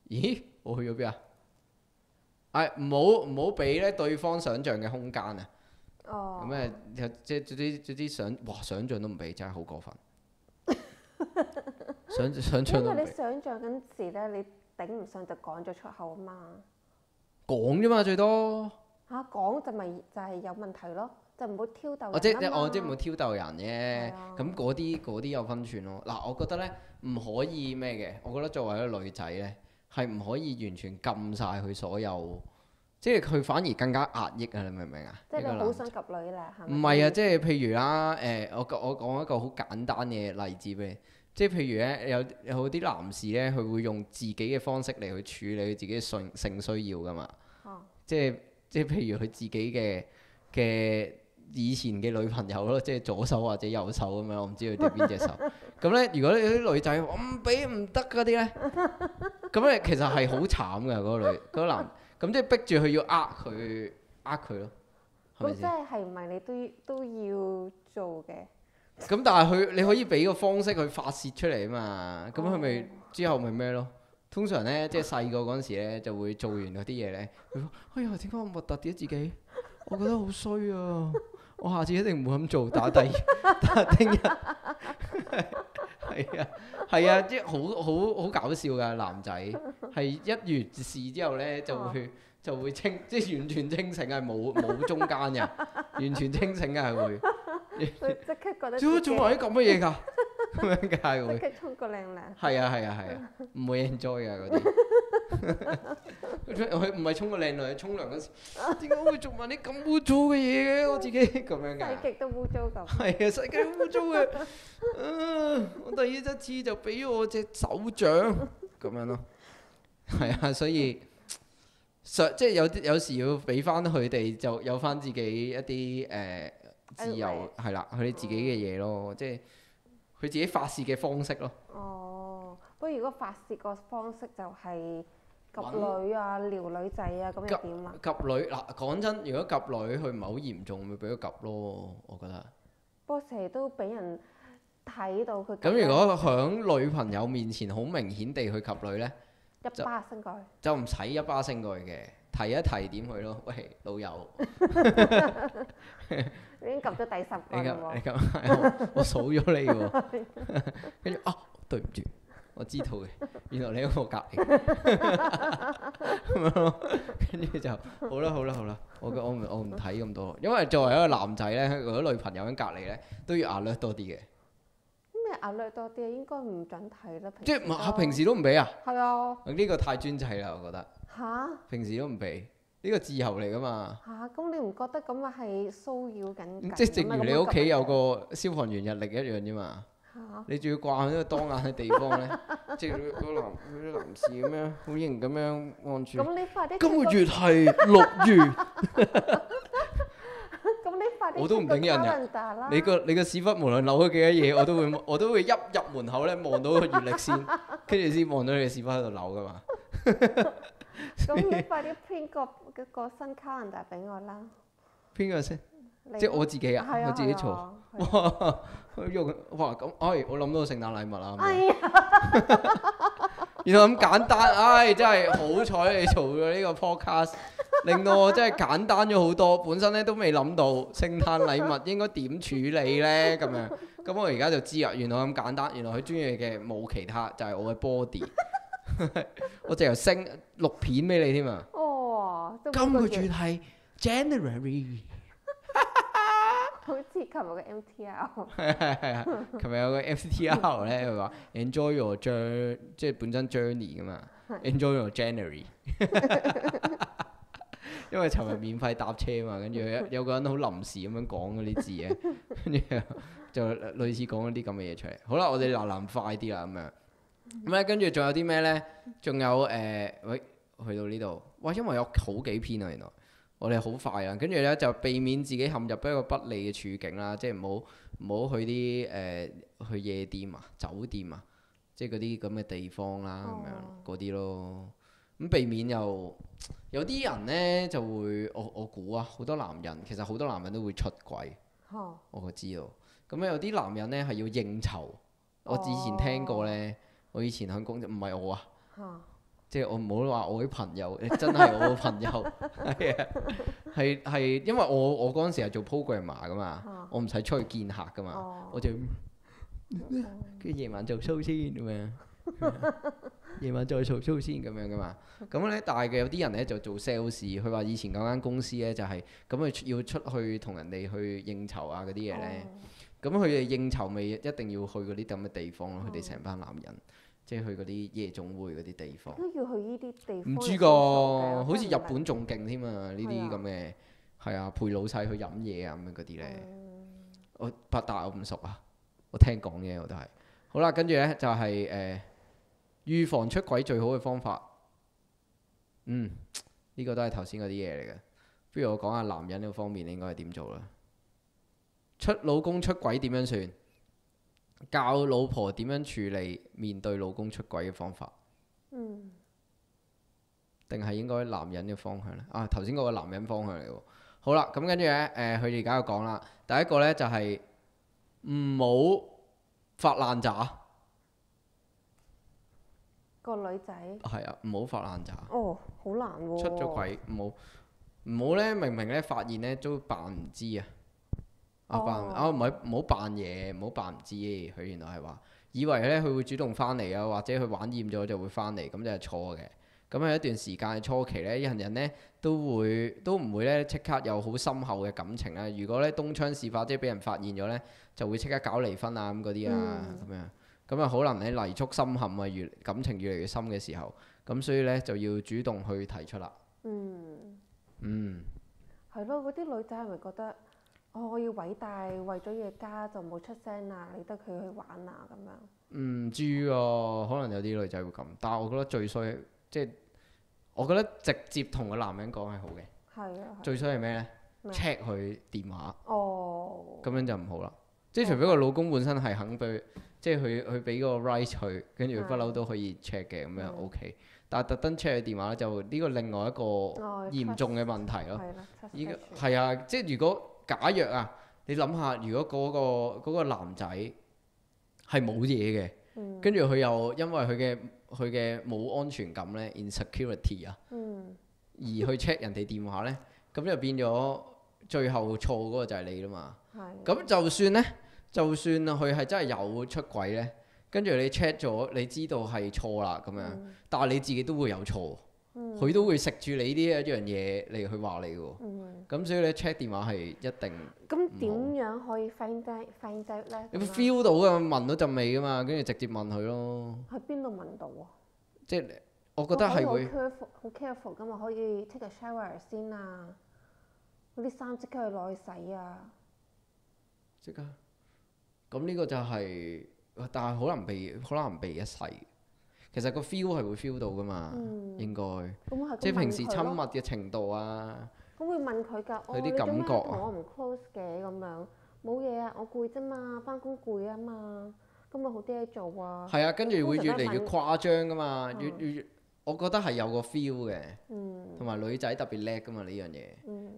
咦？我去咗邊啊？哎，唔好唔好俾咧對方想象嘅空間啊！哦，咁咧即係啲啲想哇，想象都唔俾，真係好過分。 想想象。因為你想象緊時咧，你頂唔上就講咗出口啊嘛。講啫嘛，最多。吓講，啊、就咪就係有問題咯。就唔好挑逗人，我即即我即唔好挑逗人啫、啊。咁嗰啲嗰啲有分寸咯。嗱，我覺得咧唔可以咩嘅。我覺得作為一個女仔咧，係唔可以完全禁晒佢所有，即係佢反而更加壓抑啊！你明唔明啊？即係你好想及女咧，係咪？唔係啊！即係譬如啦，誒，我我講一個好簡單嘅例子俾你。即係譬如咧、啊，有有啲男士咧，佢會用自己嘅方式嚟去處理佢自己嘅性性需要噶嘛。啊、即係即係譬如佢自己嘅嘅。以前嘅女朋友咯，即係左手或者右手咁樣，我唔知佢對邊隻手。咁咧， 如果你啲女仔唔俾唔得嗰啲咧，咁咧 其實係好慘嘅，嗰個女嗰個男，咁即係逼住佢要呃佢呃佢咯，係咪先？即係係唔係你都要都要做嘅？咁但係佢你可以俾個方式去發泄出嚟啊嘛，咁佢咪之後咪咩咯？通常咧即係細個嗰陣時咧就會做完嗰啲嘢咧， 哎呀點解咁核突啲自己？我覺得好衰啊！我下次一定唔會咁做，打第二，打聽日，係 啊，係啊，即係好好好搞笑㗎男仔，係一完事之後咧就會、哦、就會清，即係完全清醒係冇冇中間嘅，完全清醒㗎係會。我即 刻覺得說，屌仲可以講乜嘢㗎？ 咁樣教佢，沖個靚涼。係啊係啊係啊，唔會 enjoy 嘅嗰啲。佢佢唔係沖個靚女，沖涼嗰時點解會做埋啲咁污糟嘅嘢嘅？我自己咁樣嘅。世界都污糟㗎。係啊，世界污糟嘅。嗯，我第二次就俾我隻手掌咁樣咯。係啊，所以上即係有啲有時要俾翻佢哋，就有翻自己一啲誒自由係啦，佢哋自己嘅嘢咯，即係。佢自己發泄嘅方式咯。哦，不過如果發泄個方式就係 𥄫 女啊、撩女仔啊，咁找又點啊？𥄫 女嗱，講真，如果 𥄫 女，佢唔係好嚴重，咪俾佢 𥄫 咯，我覺得。不過成日都俾人睇到佢。咁如果喺女朋友面前好明顯地去 𥄫 女呢？一巴升過去就，就唔使一巴升過去嘅，提一提點佢咯。喂，老友， 你已經撳咗第十個喎，你撳，我數咗你喎。跟住 哦、啊，對唔住，我知道嘅， 原來你喺我隔離，咁樣咯。跟住就好啦，好啦，好啦，我我唔我唔睇咁多，因為作為一個男仔咧，如果女朋友喺隔離咧，都要壓力多啲嘅。即係壓力多啲，應該唔准睇啦。即係唔，平時都唔俾啊。係啊。呢、啊這個太專制啦，我覺得。嚇哈？平時都唔俾，呢、這個自由嚟噶嘛。嚇、啊？咁、嗯、你唔覺得咁啊係騷擾緊、嗯？即係正如你屋企有個消防員日曆一樣啫嘛。哈你仲要掛喺個當眼嘅地方咧， 即係嗰男啲男士咁樣好型咁樣按住。咁你快啲。今個月係六月。 我都唔頂人呀！你個你個屎忽無論扭咗幾多嘢，我都會， 我都會一入門口咧望到個月曆先，跟住先望到你嘅屎忽喺度扭噶嘛！咁 你快啲編個個新 calendar 俾我啦！編個先。你即係我自己啊，啊我自己做、啊啊、哇，用哇咁，哎，我諗到聖誕禮物啊，哎、呀 原來咁簡單，唉、哎，真係好彩你做咗呢個 podcast，令到我真係簡單咗好多。本身咧都未諗到聖誕禮物應該點處理咧咁樣，咁我而家就知啦。原來咁簡單，原來佢鍾意嘅冇其他，就係、是、我嘅 body， 我直頭升錄片俾你添啊。哦，今個主題 January。好似琴日個 MTR，係啊，琴日有個 MTR 咧，佢話 enjoy your journey，即係本身 journey 㗎嘛，enjoy your January。 因為尋日免費搭車嘛，跟住有有個人好臨時咁樣講嗰啲字嘅，跟住 就類似講一啲咁嘅嘢出嚟。好啦，我哋嗱嗱快啲啦，咁樣咁咧，跟住仲有啲咩咧？仲有誒，喂、呃，去到呢度，哇！因為有好幾篇啊，原來。我哋好很快啊，跟住呢就避免自己陷入一個不利嘅處境啦，即係唔好唔好去啲誒、呃、去夜店啊、酒店啊，即係嗰啲咁嘅地方啦、啊，咁、哦、樣嗰啲咯。咁避免又有啲人呢就會，我我估啊，好多男人其實好多男人都會出軌，哈 我知道。咁、嗯、有啲男人呢係要應酬，哦、我以前聽過呢，我以前喺工就唔係我啊。即係我唔好話我啲朋友，真係我個朋友係啊，係 因為我我嗰陣時係做 programmer 噶嘛，啊、我唔使出去見客噶嘛，哦、我就跟夜 晚做 show 先咁樣，夜、 啊、晚再做 show 先咁樣噶嘛。咁咧、 嗯，但係嘅有啲人咧就做 sales，佢話以前嗰間公司咧就係咁啊要出去同人哋去應酬啊嗰啲嘢咧，咁佢哋應酬咪一定要去嗰啲咁嘅地方咯，佢哋成班男人。即係去嗰啲夜總會嗰啲地方，都要去呢啲地方。唔知個，好似日本仲勁添啊！呢啲咁嘅，係啊的，陪老細去飲嘢啊咁樣嗰啲咧，我八達我唔熟啊，我聽講嘅我都係。好啦，跟住咧就係、是、誒、呃、預防出軌最好嘅方法，嗯，呢、這個都係頭先嗰啲嘢嚟嘅。不如我講下男人呢個方面你應該係點做啦？出老公出軌點樣算？教老婆點樣處理面對老公出軌嘅方法，定係、嗯、應該男人嘅方向呢？啊，頭先嗰個男人方向嚟喎。好啦，咁跟住呢，佢哋而家又講啦，第一個呢，就係唔好發爛渣，個女仔。係啊，唔好、啊、發爛渣。哦，好難喎、哦。出咗軌，唔好，唔好呢，明明呢發現呢，都扮唔知啊。阿爸，哦、啊唔係，唔好扮嘢，唔好扮唔知。佢原來係話，以為咧佢會主動翻嚟啊，或者佢玩厭咗就會翻嚟，咁就係錯嘅。咁喺一段時間初期咧，人人咧都會都唔會咧即刻有好深厚嘅感情啊。如果咧東窗事發，即係俾人發現咗咧，就會即刻搞離婚啊啊咁嗰啲啊咁樣。咁啊，可能咧泥足深陷啊，越感情越嚟越深嘅時候，咁所以咧就要主動去提出啦。嗯。嗯。係咯、嗯，嗰啲女仔係咪覺得？我、哦、我要偉大，為咗嘅家就冇出聲啦，你得佢去玩啊咁樣。唔、嗯、至於喎、啊，可能有啲女仔會咁，但係我覺得最衰即係我覺得直接同個男人講係好嘅。係啊是最。最衰係咩咧？check 佢電話。哦。咁樣就唔好啦，即係除非、嗯、個老公本身係肯俾，即係佢佢俾個 right 佢，跟住佢不嬲都可以 check 嘅咁樣是、啊、OK。但係特登 check 佢電話咧，就呢、是、個另外一個嚴重嘅問題咯。係啦。啊，即係如果。如果假若啊，你諗下，如果嗰、嗰個嗰個男仔係冇嘢嘅，跟住佢又因為佢嘅佢嘅冇安全感呢，insecurity 啊，而去 check 人哋電話呢，咁 就變咗最後錯嗰個就係你啦嘛。咁的就算呢，就算佢係真係有出軌呢，跟住你 check 咗，你知道係錯啦咁樣，嗯、但係你自己都會有錯。佢都會食住你呢一樣嘢嚟去話你㗎喎，咁、嗯、所以你 check 電話係一定。咁點、嗯、樣可以 find out, find out 咧？你會 feel 到啊、嗯，聞到陣味㗎嘛，跟住直接問佢咯。喺邊度聞到啊？即係我覺得係會。好 careful，好 careful 㗎嘛，可以 take a shower 先啊，嗰啲衫即刻去攞去洗啊。即刻。咁呢個就係、是，但係好難避，好難避一世。其實個 feel 係會 feel 到噶嘛，嗯、應該。嗯、即係平時親密嘅程度啊。咁會問佢㗎，佢啲感覺啊、做咩我唔 close 嘅咁樣？冇嘢啊，我攰啫嘛，翻工攰啊嘛，今日好啲嘢做啊。係啊，跟住會越嚟越誇張噶嘛，嗯、越越我覺得係有個 feel 嘅，同埋、嗯、女仔特別叻噶嘛呢樣嘢。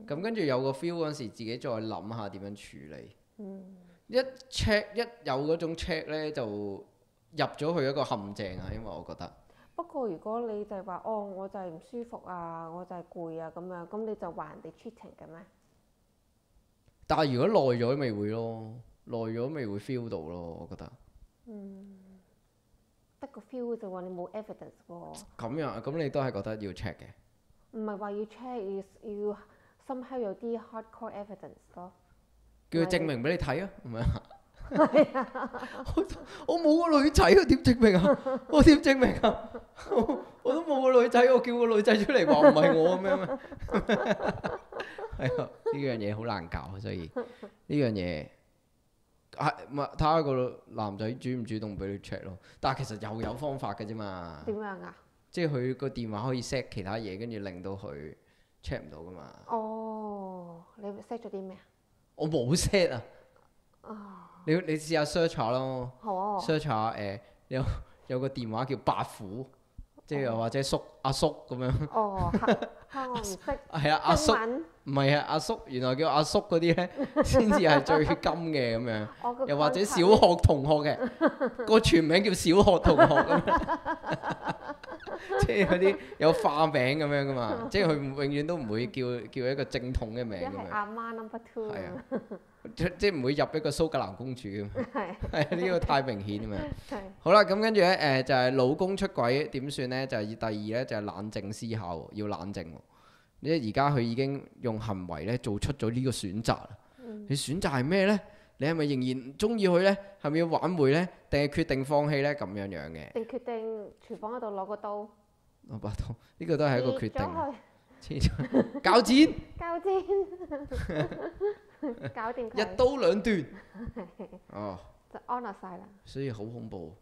咁跟住有個 feel 嗰時，自己再諗下點樣處理。嗯、一 check 一有嗰種 check 咧，就。入咗去一個陷阱啊，因為我覺得。不過如果你就係話哦，我就係唔舒服啊，我就係攰啊咁樣，咁你就話人哋 cheating 嘅咩？但係如果耐咗咪會咯，耐咗咪會 feel 到咯，我覺得。嗯。得個 feel 就話你冇 evidence 喎。咁樣，咁你都係覺得要 check 嘅？唔係話要 check，要要，somehow 有啲 hardcore evidence 咯。叫佢證明俾你睇啊，唔係。 我冇個女仔啊，點證明啊？我點證明啊？ 我，我都冇個女仔，我叫個女仔出嚟話唔係我咩咩？係啊，呢樣嘢好難搞，所以呢樣嘢係咪睇下個男仔主唔主動俾你 check 咯？但係其實又有方法嘅啫嘛。點樣啊？即係佢個電話可以 set 其他嘢，跟住令到佢 check 唔到噶嘛？哦，你 set 咗啲咩啊？我冇 set 啊。啊。你你試下 search 下咯，search 下誒，有有個電話叫百虎，即係又或者叔。嗯阿叔咁樣，哦，嚇係啊，阿叔，唔係啊，阿叔，原來叫阿叔嗰啲咧，先至係最金嘅咁樣。又或者小學同學嘅，個全名叫小學同學咁樣，即係嗰啲有化名咁樣噶嘛，即係佢永遠都唔會叫叫一個正統嘅名咁樣。咁係阿媽 number two。係啊。即即唔會入一個蘇格蘭公主咁。係。係啊，呢個太明顯咁樣。好啦，咁跟住咧，誒就係老公出軌點算咧？就以第二咧。就係冷靜思考，要冷靜。你而家佢已經用行為咧做出咗呢個選擇啦。你選擇係咩咧？你係咪仍然中意佢咧？係咪要挽回咧？定係決定放棄咧？咁樣樣嘅。定決定廚房嗰度攞個刀，攞把刀。呢個都係一個決定。黐咗。鉸剪。鉸剪。搞掂佢。一刀兩斷。哦。就安樂曬啦。所以好恐怖。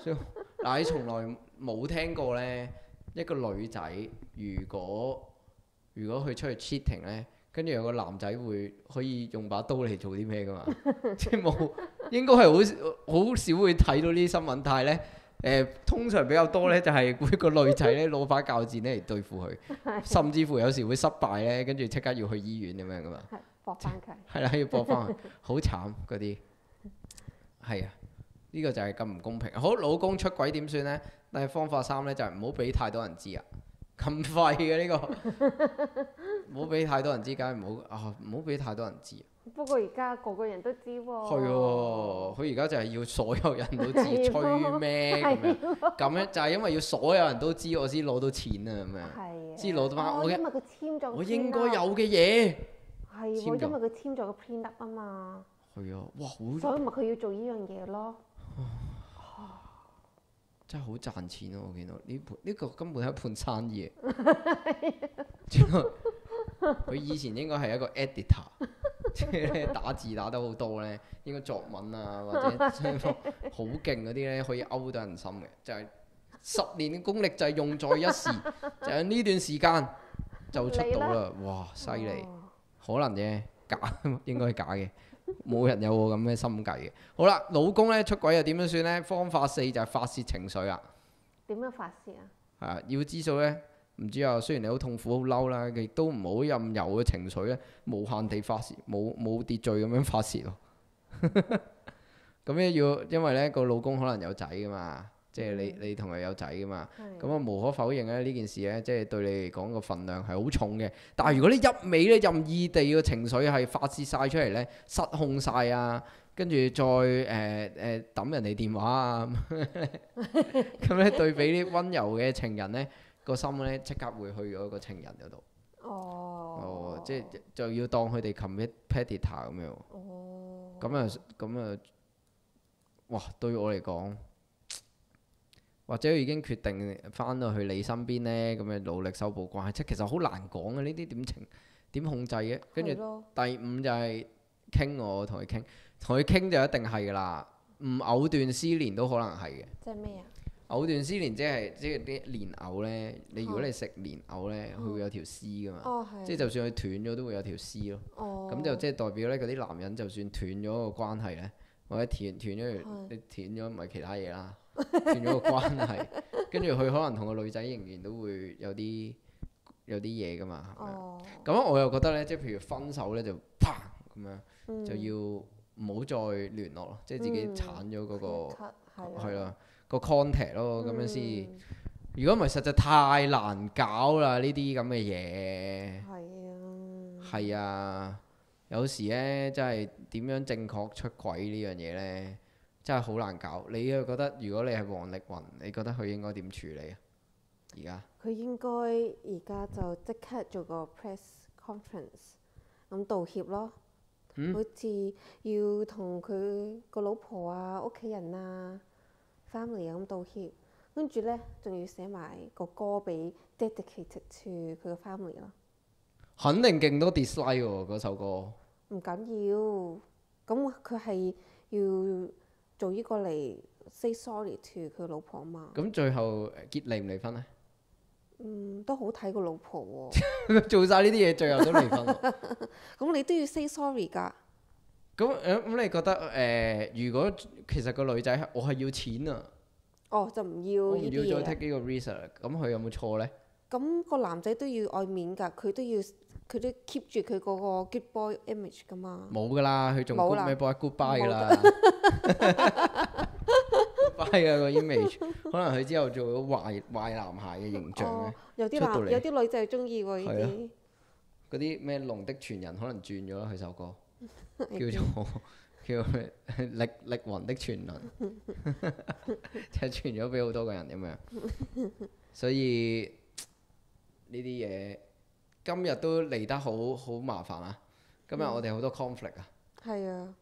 所以，嗱，你從來冇聽過咧。一個女仔如果如果佢出去 cheating 呢，跟住有個男仔會可以用把刀嚟做啲咩㗎嘛？即冇 應該係好好少會睇到呢啲新聞，但係呢。誒、呃，通常比較多呢，就係、係、一個女仔呢攞把鉸剪呢嚟對付佢， 甚至乎有時會失敗呢，跟住即刻要去醫院咁樣㗎嘛。搏係啦，要駁返去，好 慘嗰啲。係啊，呢、呢個就係咁唔公平。好，好，老公出軌點算呢？但係方法三咧就係唔好俾太多人知啊，咁廢嘅呢個，唔好俾太多人知，梗係唔好啊，唔好俾太多人知。不過而家個個人都知喎。係喎，佢而家就係要所有人都知，吹咩咁樣？就係因為要所有人都知，我先攞到錢啊咁樣。係。先攞到返我嘅。因為佢簽咗我應該有嘅嘢。係喎，因為佢簽咗個 plan 得啊嘛。係啊，哇好。所以咪佢要做呢樣嘢咯。真係好賺錢咯，啊！我見到呢盤，呢個根本係一盤生意。佢 以前應該係一個 editor，即係咧打字打得好多咧，應該作文啊或者好勁嗰啲咧可以勾到人心嘅，就係、是、十年嘅功力就係用在一時， 就喺呢段時間就出到啦！呢哇，犀利！可能啫，假應該係假嘅。冇 人有我咁嘅心計嘅。好啦，老公咧出軌又點樣算呢？方法四就係發泄情緒啦。點樣發泄啊？啊，要知數呢，唔知啊。雖然你好痛苦、好嬲啦，亦都唔好任由個情緒咧無限地發泄，冇冇秩序咁樣發泄咯。咁 咧要，因為呢個老公可能有仔噶嘛。即係你你同佢有仔噶嘛？咁啊的無可否認咧，呢件事咧，即係對你嚟講個分量係好重嘅。但係如果你一味咧任意地個情緒係發泄晒出嚟咧，失控晒啊，跟住再誒誒揼人哋電話啊，咁 咧對比啲温柔嘅情人咧， 個心咧即刻會去咗個情人嗰度。哦，哦。即係就要當佢哋 commit patita 咁樣。哦。咁就，咁就，哇！對我嚟講。或者已經決定翻到去你身邊呢，咁樣努力修補關係，即其實好難講嘅呢啲點情點控制嘅。跟住第五就係傾，我同佢傾，同佢傾就一定係㗎啦，唔藕斷絲連都可能係嘅。即係咩啊？藕斷絲連即係即係啲蓮藕呢。你如果你食蓮藕呢，佢、嗯、會有條絲噶嘛。哦哦、即係就算佢斷咗都會有條絲咯。哦。咁就即係代表呢，嗰啲男人就算斷咗個關係呢，或者斷斷咗，斷咗咪、嗯、其他嘢啦。 斷咗個關係，跟住佢可能同個女仔仍然都會有啲有啲嘢噶嘛。哦。咁我又覺得呢，即係譬如分手呢，就啪咁樣，嗯、就要唔好再聯絡咯，即係自己剷咗嗰、嗰個係、嗯嗯嗯嗯、啊個 contact 咯，咁、嗯、樣先。如果唔係，實在太難搞啦呢啲咁嘅嘢。係啊。係啊，有時呢，真係點樣正確出軌呢樣嘢呢？真係好難搞。你又覺得，如果你係王力宏，你覺得佢應該點處理啊？而家佢應該而家就即刻做個 press conference，咁道歉咯。嗯、好似要同佢個老婆啊、屋企人啊、family 咁、啊、道歉，跟住呢，仲要寫埋個歌俾 dedicated to 佢個 family 咯、啊。肯定勁多 dislike 嘅嗰首歌。唔緊要，咁佢係要。做呢個嚟 say sorry to 佢老婆啊嘛。咁最後結離唔離婚呢？嗯，都好睇個老婆喎、啊。 做晒呢啲嘢，最後都離婚喎。咁 你都要 say sorry 㗎。咁咁、嗯嗯、你覺得誒、呃？如果其實個女仔，我係要錢啊。哦，就唔要、啊、要再 take 呢個 research，咁佢有冇錯呢？咁個男仔都要愛面㗎，佢都要。佢都 keep 住佢嗰個 good boy image 噶嘛？冇噶啦，佢仲 good bye good bye 噶啦，bye 啊個 image。可能佢之後做咗壞壞男孩嘅形象咧，出到嚟有啲女仔鍾意喎呢啲。嗰啲咩龍的傳人可能轉咗啦，佢首歌叫做叫力力宏的傳人，就傳咗俾好多個人咁樣。所以呢啲嘢。今日都嚟得好好麻煩、嗯、啊！今日我哋好多 conflict 啊，係啊，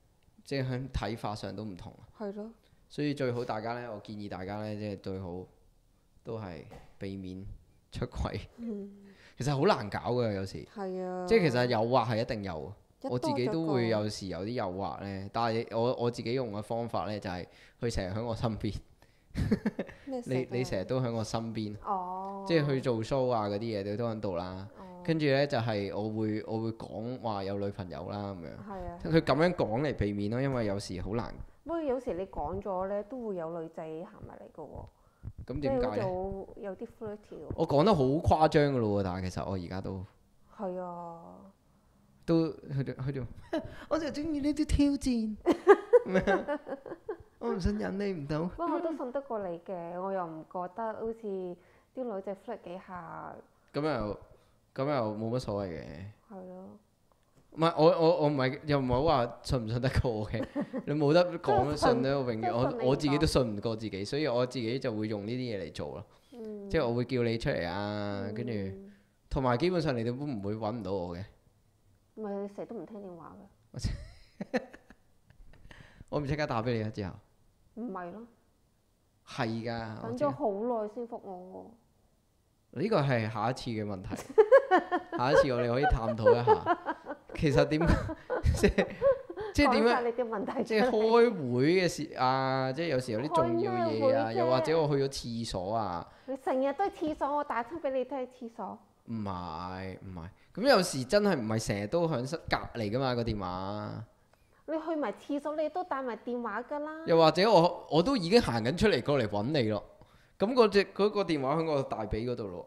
即係喺睇法上都唔同啊，係咯，所以最好大家咧，我建議大家咧，即係最好都係避免出軌。嗯、其實好難搞㗎，有時係啊，即係其實誘惑係一定有，我自己都會有時有啲誘惑咧。但係我我自己用嘅方法咧，就係佢成日喺我身邊， 啊、 你你成日都喺我身邊，哦，即係去做 show 啊嗰啲嘢，你都喺度啦。跟住咧就係我會我會講話有女朋友啦咁樣，係啊，佢咁樣講嚟避免咯，因為有時好難。不過有時你講咗咧都會有女仔行埋嚟嘅喎，咁點解？有啲 flirty。我講得好誇張嘅咯，但係其實我而家都係啊，都去到去到， 我就中意呢啲挑戰， 我唔信引你唔到。 不過我都信得過你嘅，我又唔覺得好似啲女仔 flirty 幾下。咁又？他最後咁又冇乜所謂嘅。係咯。唔係我我我唔係又唔係話信唔信得過我嘅，你冇得講信呢個永遠，我我自己都信唔過自己，所以我自己就會用呢啲嘢嚟做咯。即係我會叫你出嚟啊，跟住同埋基本上你都唔會揾唔到我嘅。唔係，你成日都唔聽電話㗎。我唔即刻打俾你啊！之後。唔係咯。係㗎。等咗好耐先覆我喎。呢個係下一次嘅問題。 下一次我哋可以探討一下， 其實點，即係即係點樣？ 即係開會嘅時，啊，即係有時有啲重要嘢啊，又或者我去咗廁所啊。你成日都喺廁所，我打出俾你都喺廁所。唔係唔係，咁有時真係唔係成日都響室隔籬㗎嘛，個電話。你去埋廁所，你都帶埋電話㗎啦。又或者我我都已經行緊出嚟過嚟揾你咯，咁嗰隻嗰個電話喺我大髀嗰度咯。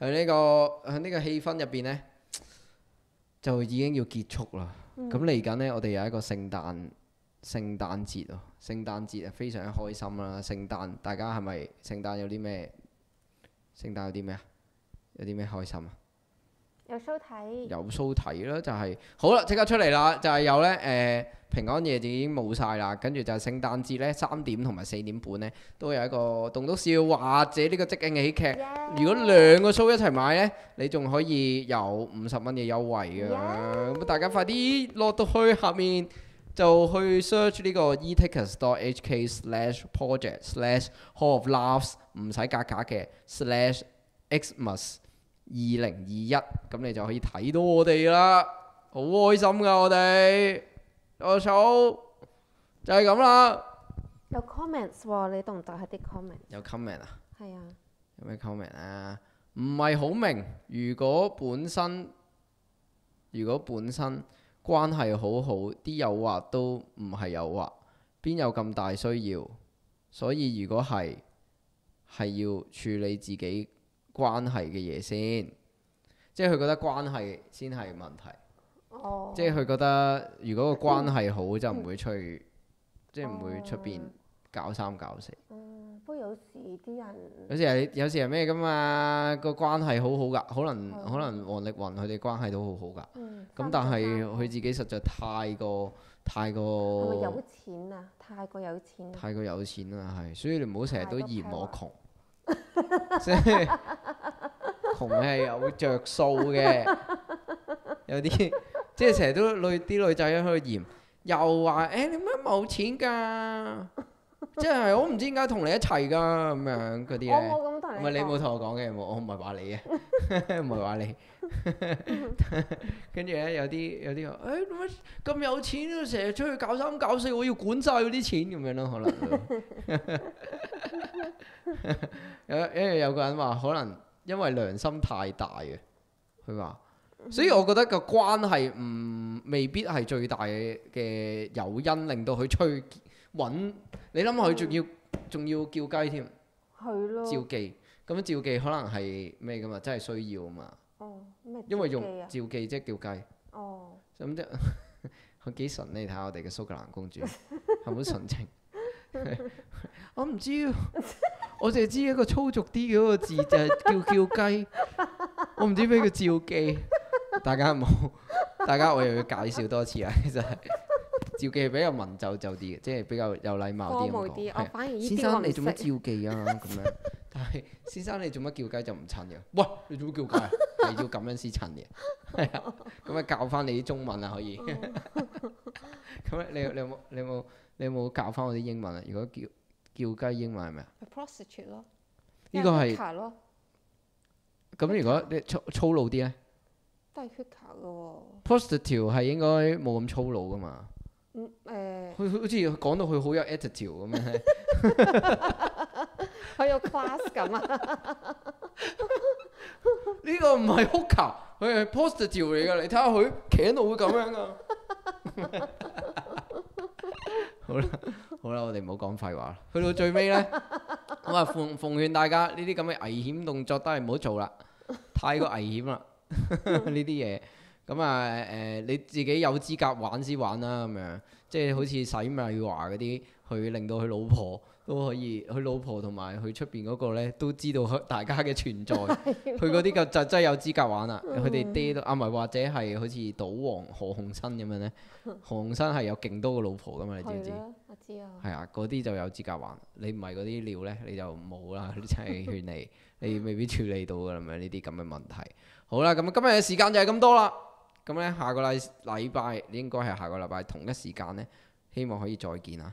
喺呢個喺呢個氣氛入邊呢，就已經要結束啦。咁嚟緊呢，我哋有一個聖誕聖誕節啊，聖誕節啊，非常開心啦！聖誕大家係咪聖誕有啲咩？聖誕有啲咩啊？有啲咩開心啊？有 show 睇，有 show 睇啦，就係、是、好啦，即刻出嚟啦，就係、是、有咧，誒、呃、平安夜就已經冇晒啦，跟住就係聖誕節咧，三點同埋四點半咧，都有一個棟篤笑或者呢個即興喜劇。Yeah! 如果兩個 show 一齊買咧，你仲可以有五十蚊嘅優惠㗎，咁 Yeah! 大家快啲落到去下面就去 search 呢個 e-tickets.hk/project/hall of loves 唔使加價嘅 slash Xmas。二零二一，咁你就可以睇到我哋啦，好開心噶我哋，阿嫂就係咁啦。有 comments 喎，你讀唔讀下啲 comments？有 comment 啊？係啊。有咩 comment 啊？唔係好明。如果本身如果本身關係好好，啲誘惑都唔係誘惑，邊有咁大需要？所以如果係係要處理自己關係嘅嘢先，即係佢覺得關係先係問題。Oh. 即係佢覺得如果個關係好就唔會出去，嗯、即係唔會出邊搞三搞四。不過、嗯、有時啲人有時係有時係咩㗎嘛？個關係好好㗎，可能的可能王力宏佢哋關係都好好㗎。嗯，咁但係佢自己實在太過、嗯、太過。太過有錢啊！太過有錢。太過有錢啦，係，所以你唔好成日都嫌我窮。即係 窮係有著數嘅，有啲即係成日都女啲女仔喺度嫌，又話誒、欸、你乜冇錢㗎？即係我唔知點解同你一齊㗎咁樣嗰啲咧。唔係你冇同我講嘅，冇，我唔係話你嘅，唔係話你。跟住咧有啲有啲話誒，點解咁有錢啊？成日出去搞三搞四，我要管晒啲錢咁樣咯，可能。 因為 有，有，有個人話可能因為良心太大嘅，佢話，所以我覺得個關係唔未必係最大嘅誘因，令到佢吹搵。你諗佢仲要仲、嗯、要叫雞添？係對咯，召妓咁樣召妓可能係咩噶嘛？真係需要啊嘛。哦，咩？因為用召妓即係叫雞。哦， 咁即係佢幾純咧？睇下我哋嘅蘇格蘭公主，係咪好純情？ 我唔知，我淨係知，知一個粗俗啲嘅嗰個字就係、是、叫叫雞，我唔知咩叫召妓，大家冇，大家我又要介紹多次啊，其實係召妓比較文縐縐啲嘅，即係比較有禮貌啲咁講。先生你做乜召妓啊？咁 樣，但係先生你做乜叫雞就唔襯嘅？喂，你做乜叫雞，啊？ 你要咁樣先襯嘅，係啊，咁咪、啊、教翻你啲中文啊？可以，咁、哦、 你你，你有冇你有冇？你有冇教翻我啲英文啊？如果叫叫雞英文係咪啊？Prostitute 咯，呢個係。咁、er、如果你粗粗魯啲咧？都係 Hooker 噶喎。Prostitute 係應該冇咁粗魯噶嘛？嗯，佢、欸、好似講到佢好有 attitude 咁樣，佢有 class 咁啊、er？呢個唔係 Hooker，佢係 Prostitute 嚟噶。你睇下佢企喺度會咁樣噶、啊。 好啦，好啦，我哋唔好講廢話。去到最尾呢，咁啊奉奉勸大家，呢啲咁嘅危險動作都係唔好做啦，太過危險啦。呢啲嘢，咁啊誒你自己有資格玩先玩啦，咁樣即係好似洗米華嗰啲，去令到佢老婆。都可以，佢老婆同埋佢出邊嗰個咧都知道大家嘅存在，佢嗰啲就真係有資格玩啦。佢哋 爹都啊，唔係或者係好似賭王何鴻燊咁樣呢。 何鴻燊係有勁多個老婆噶嘛，你知唔知？ 我知啊。係啊，嗰啲就有資格玩。你唔係嗰啲料呢，你就冇啦。你真係勸你， 你未必處理到噶啦嘛。呢啲咁嘅問題。好啦，咁、嗯、今日嘅時間就係咁多啦。咁、嗯、呢、嗯，下個禮禮拜應該係下個禮拜同一時間呢，希望可以再見啊！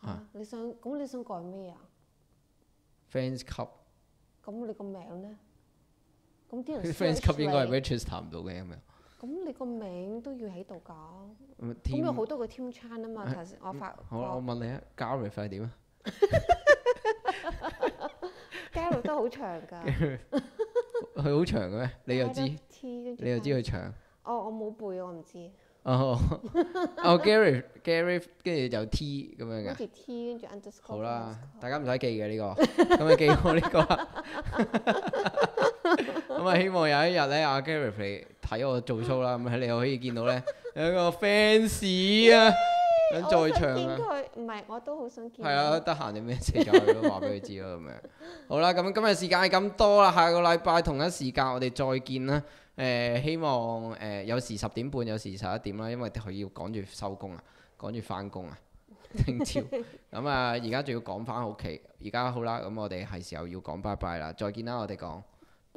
啊！你想咁你想改咩啊？Friends club 咁你個名咧？咁啲人。Friends club 應該係 reachest 唔到嘅咁樣。咁你個名都要喺度噶。咁有好多個 team change 啊嘛！頭先我發。好啦，我問你啊，Gary friend 點啊？Gary 都好長㗎。佢好長嘅咩？你又知？你又知佢長？哦，我冇背，我唔知。哦，哦，Gary，Gary 跟住就 T 咁樣嘅，跟住 T，跟住 underscore。好啦，大家唔使記嘅呢個，咁你記我呢個。咁啊，希望有一日咧，阿 Gary 嚟睇我做 show 啦，咁你又可以見到咧，有個 fans 啊，咁在場啊。我見佢，唔係我都好想見。係啊，得閒你咩時間都話俾佢知咯，咁樣。好啦，咁今日時間係咁多啦，下個禮拜同一時間我哋再見啦。呃、希望誒、呃、有時十點半，有時十一點啦，因為佢要趕住收工啊，趕住返工啊，聽朝咁啊，而、 嗯、家仲要趕返屋企，而家好啦，咁我哋係時候要講拜拜 e 啦，再見啦，我哋講。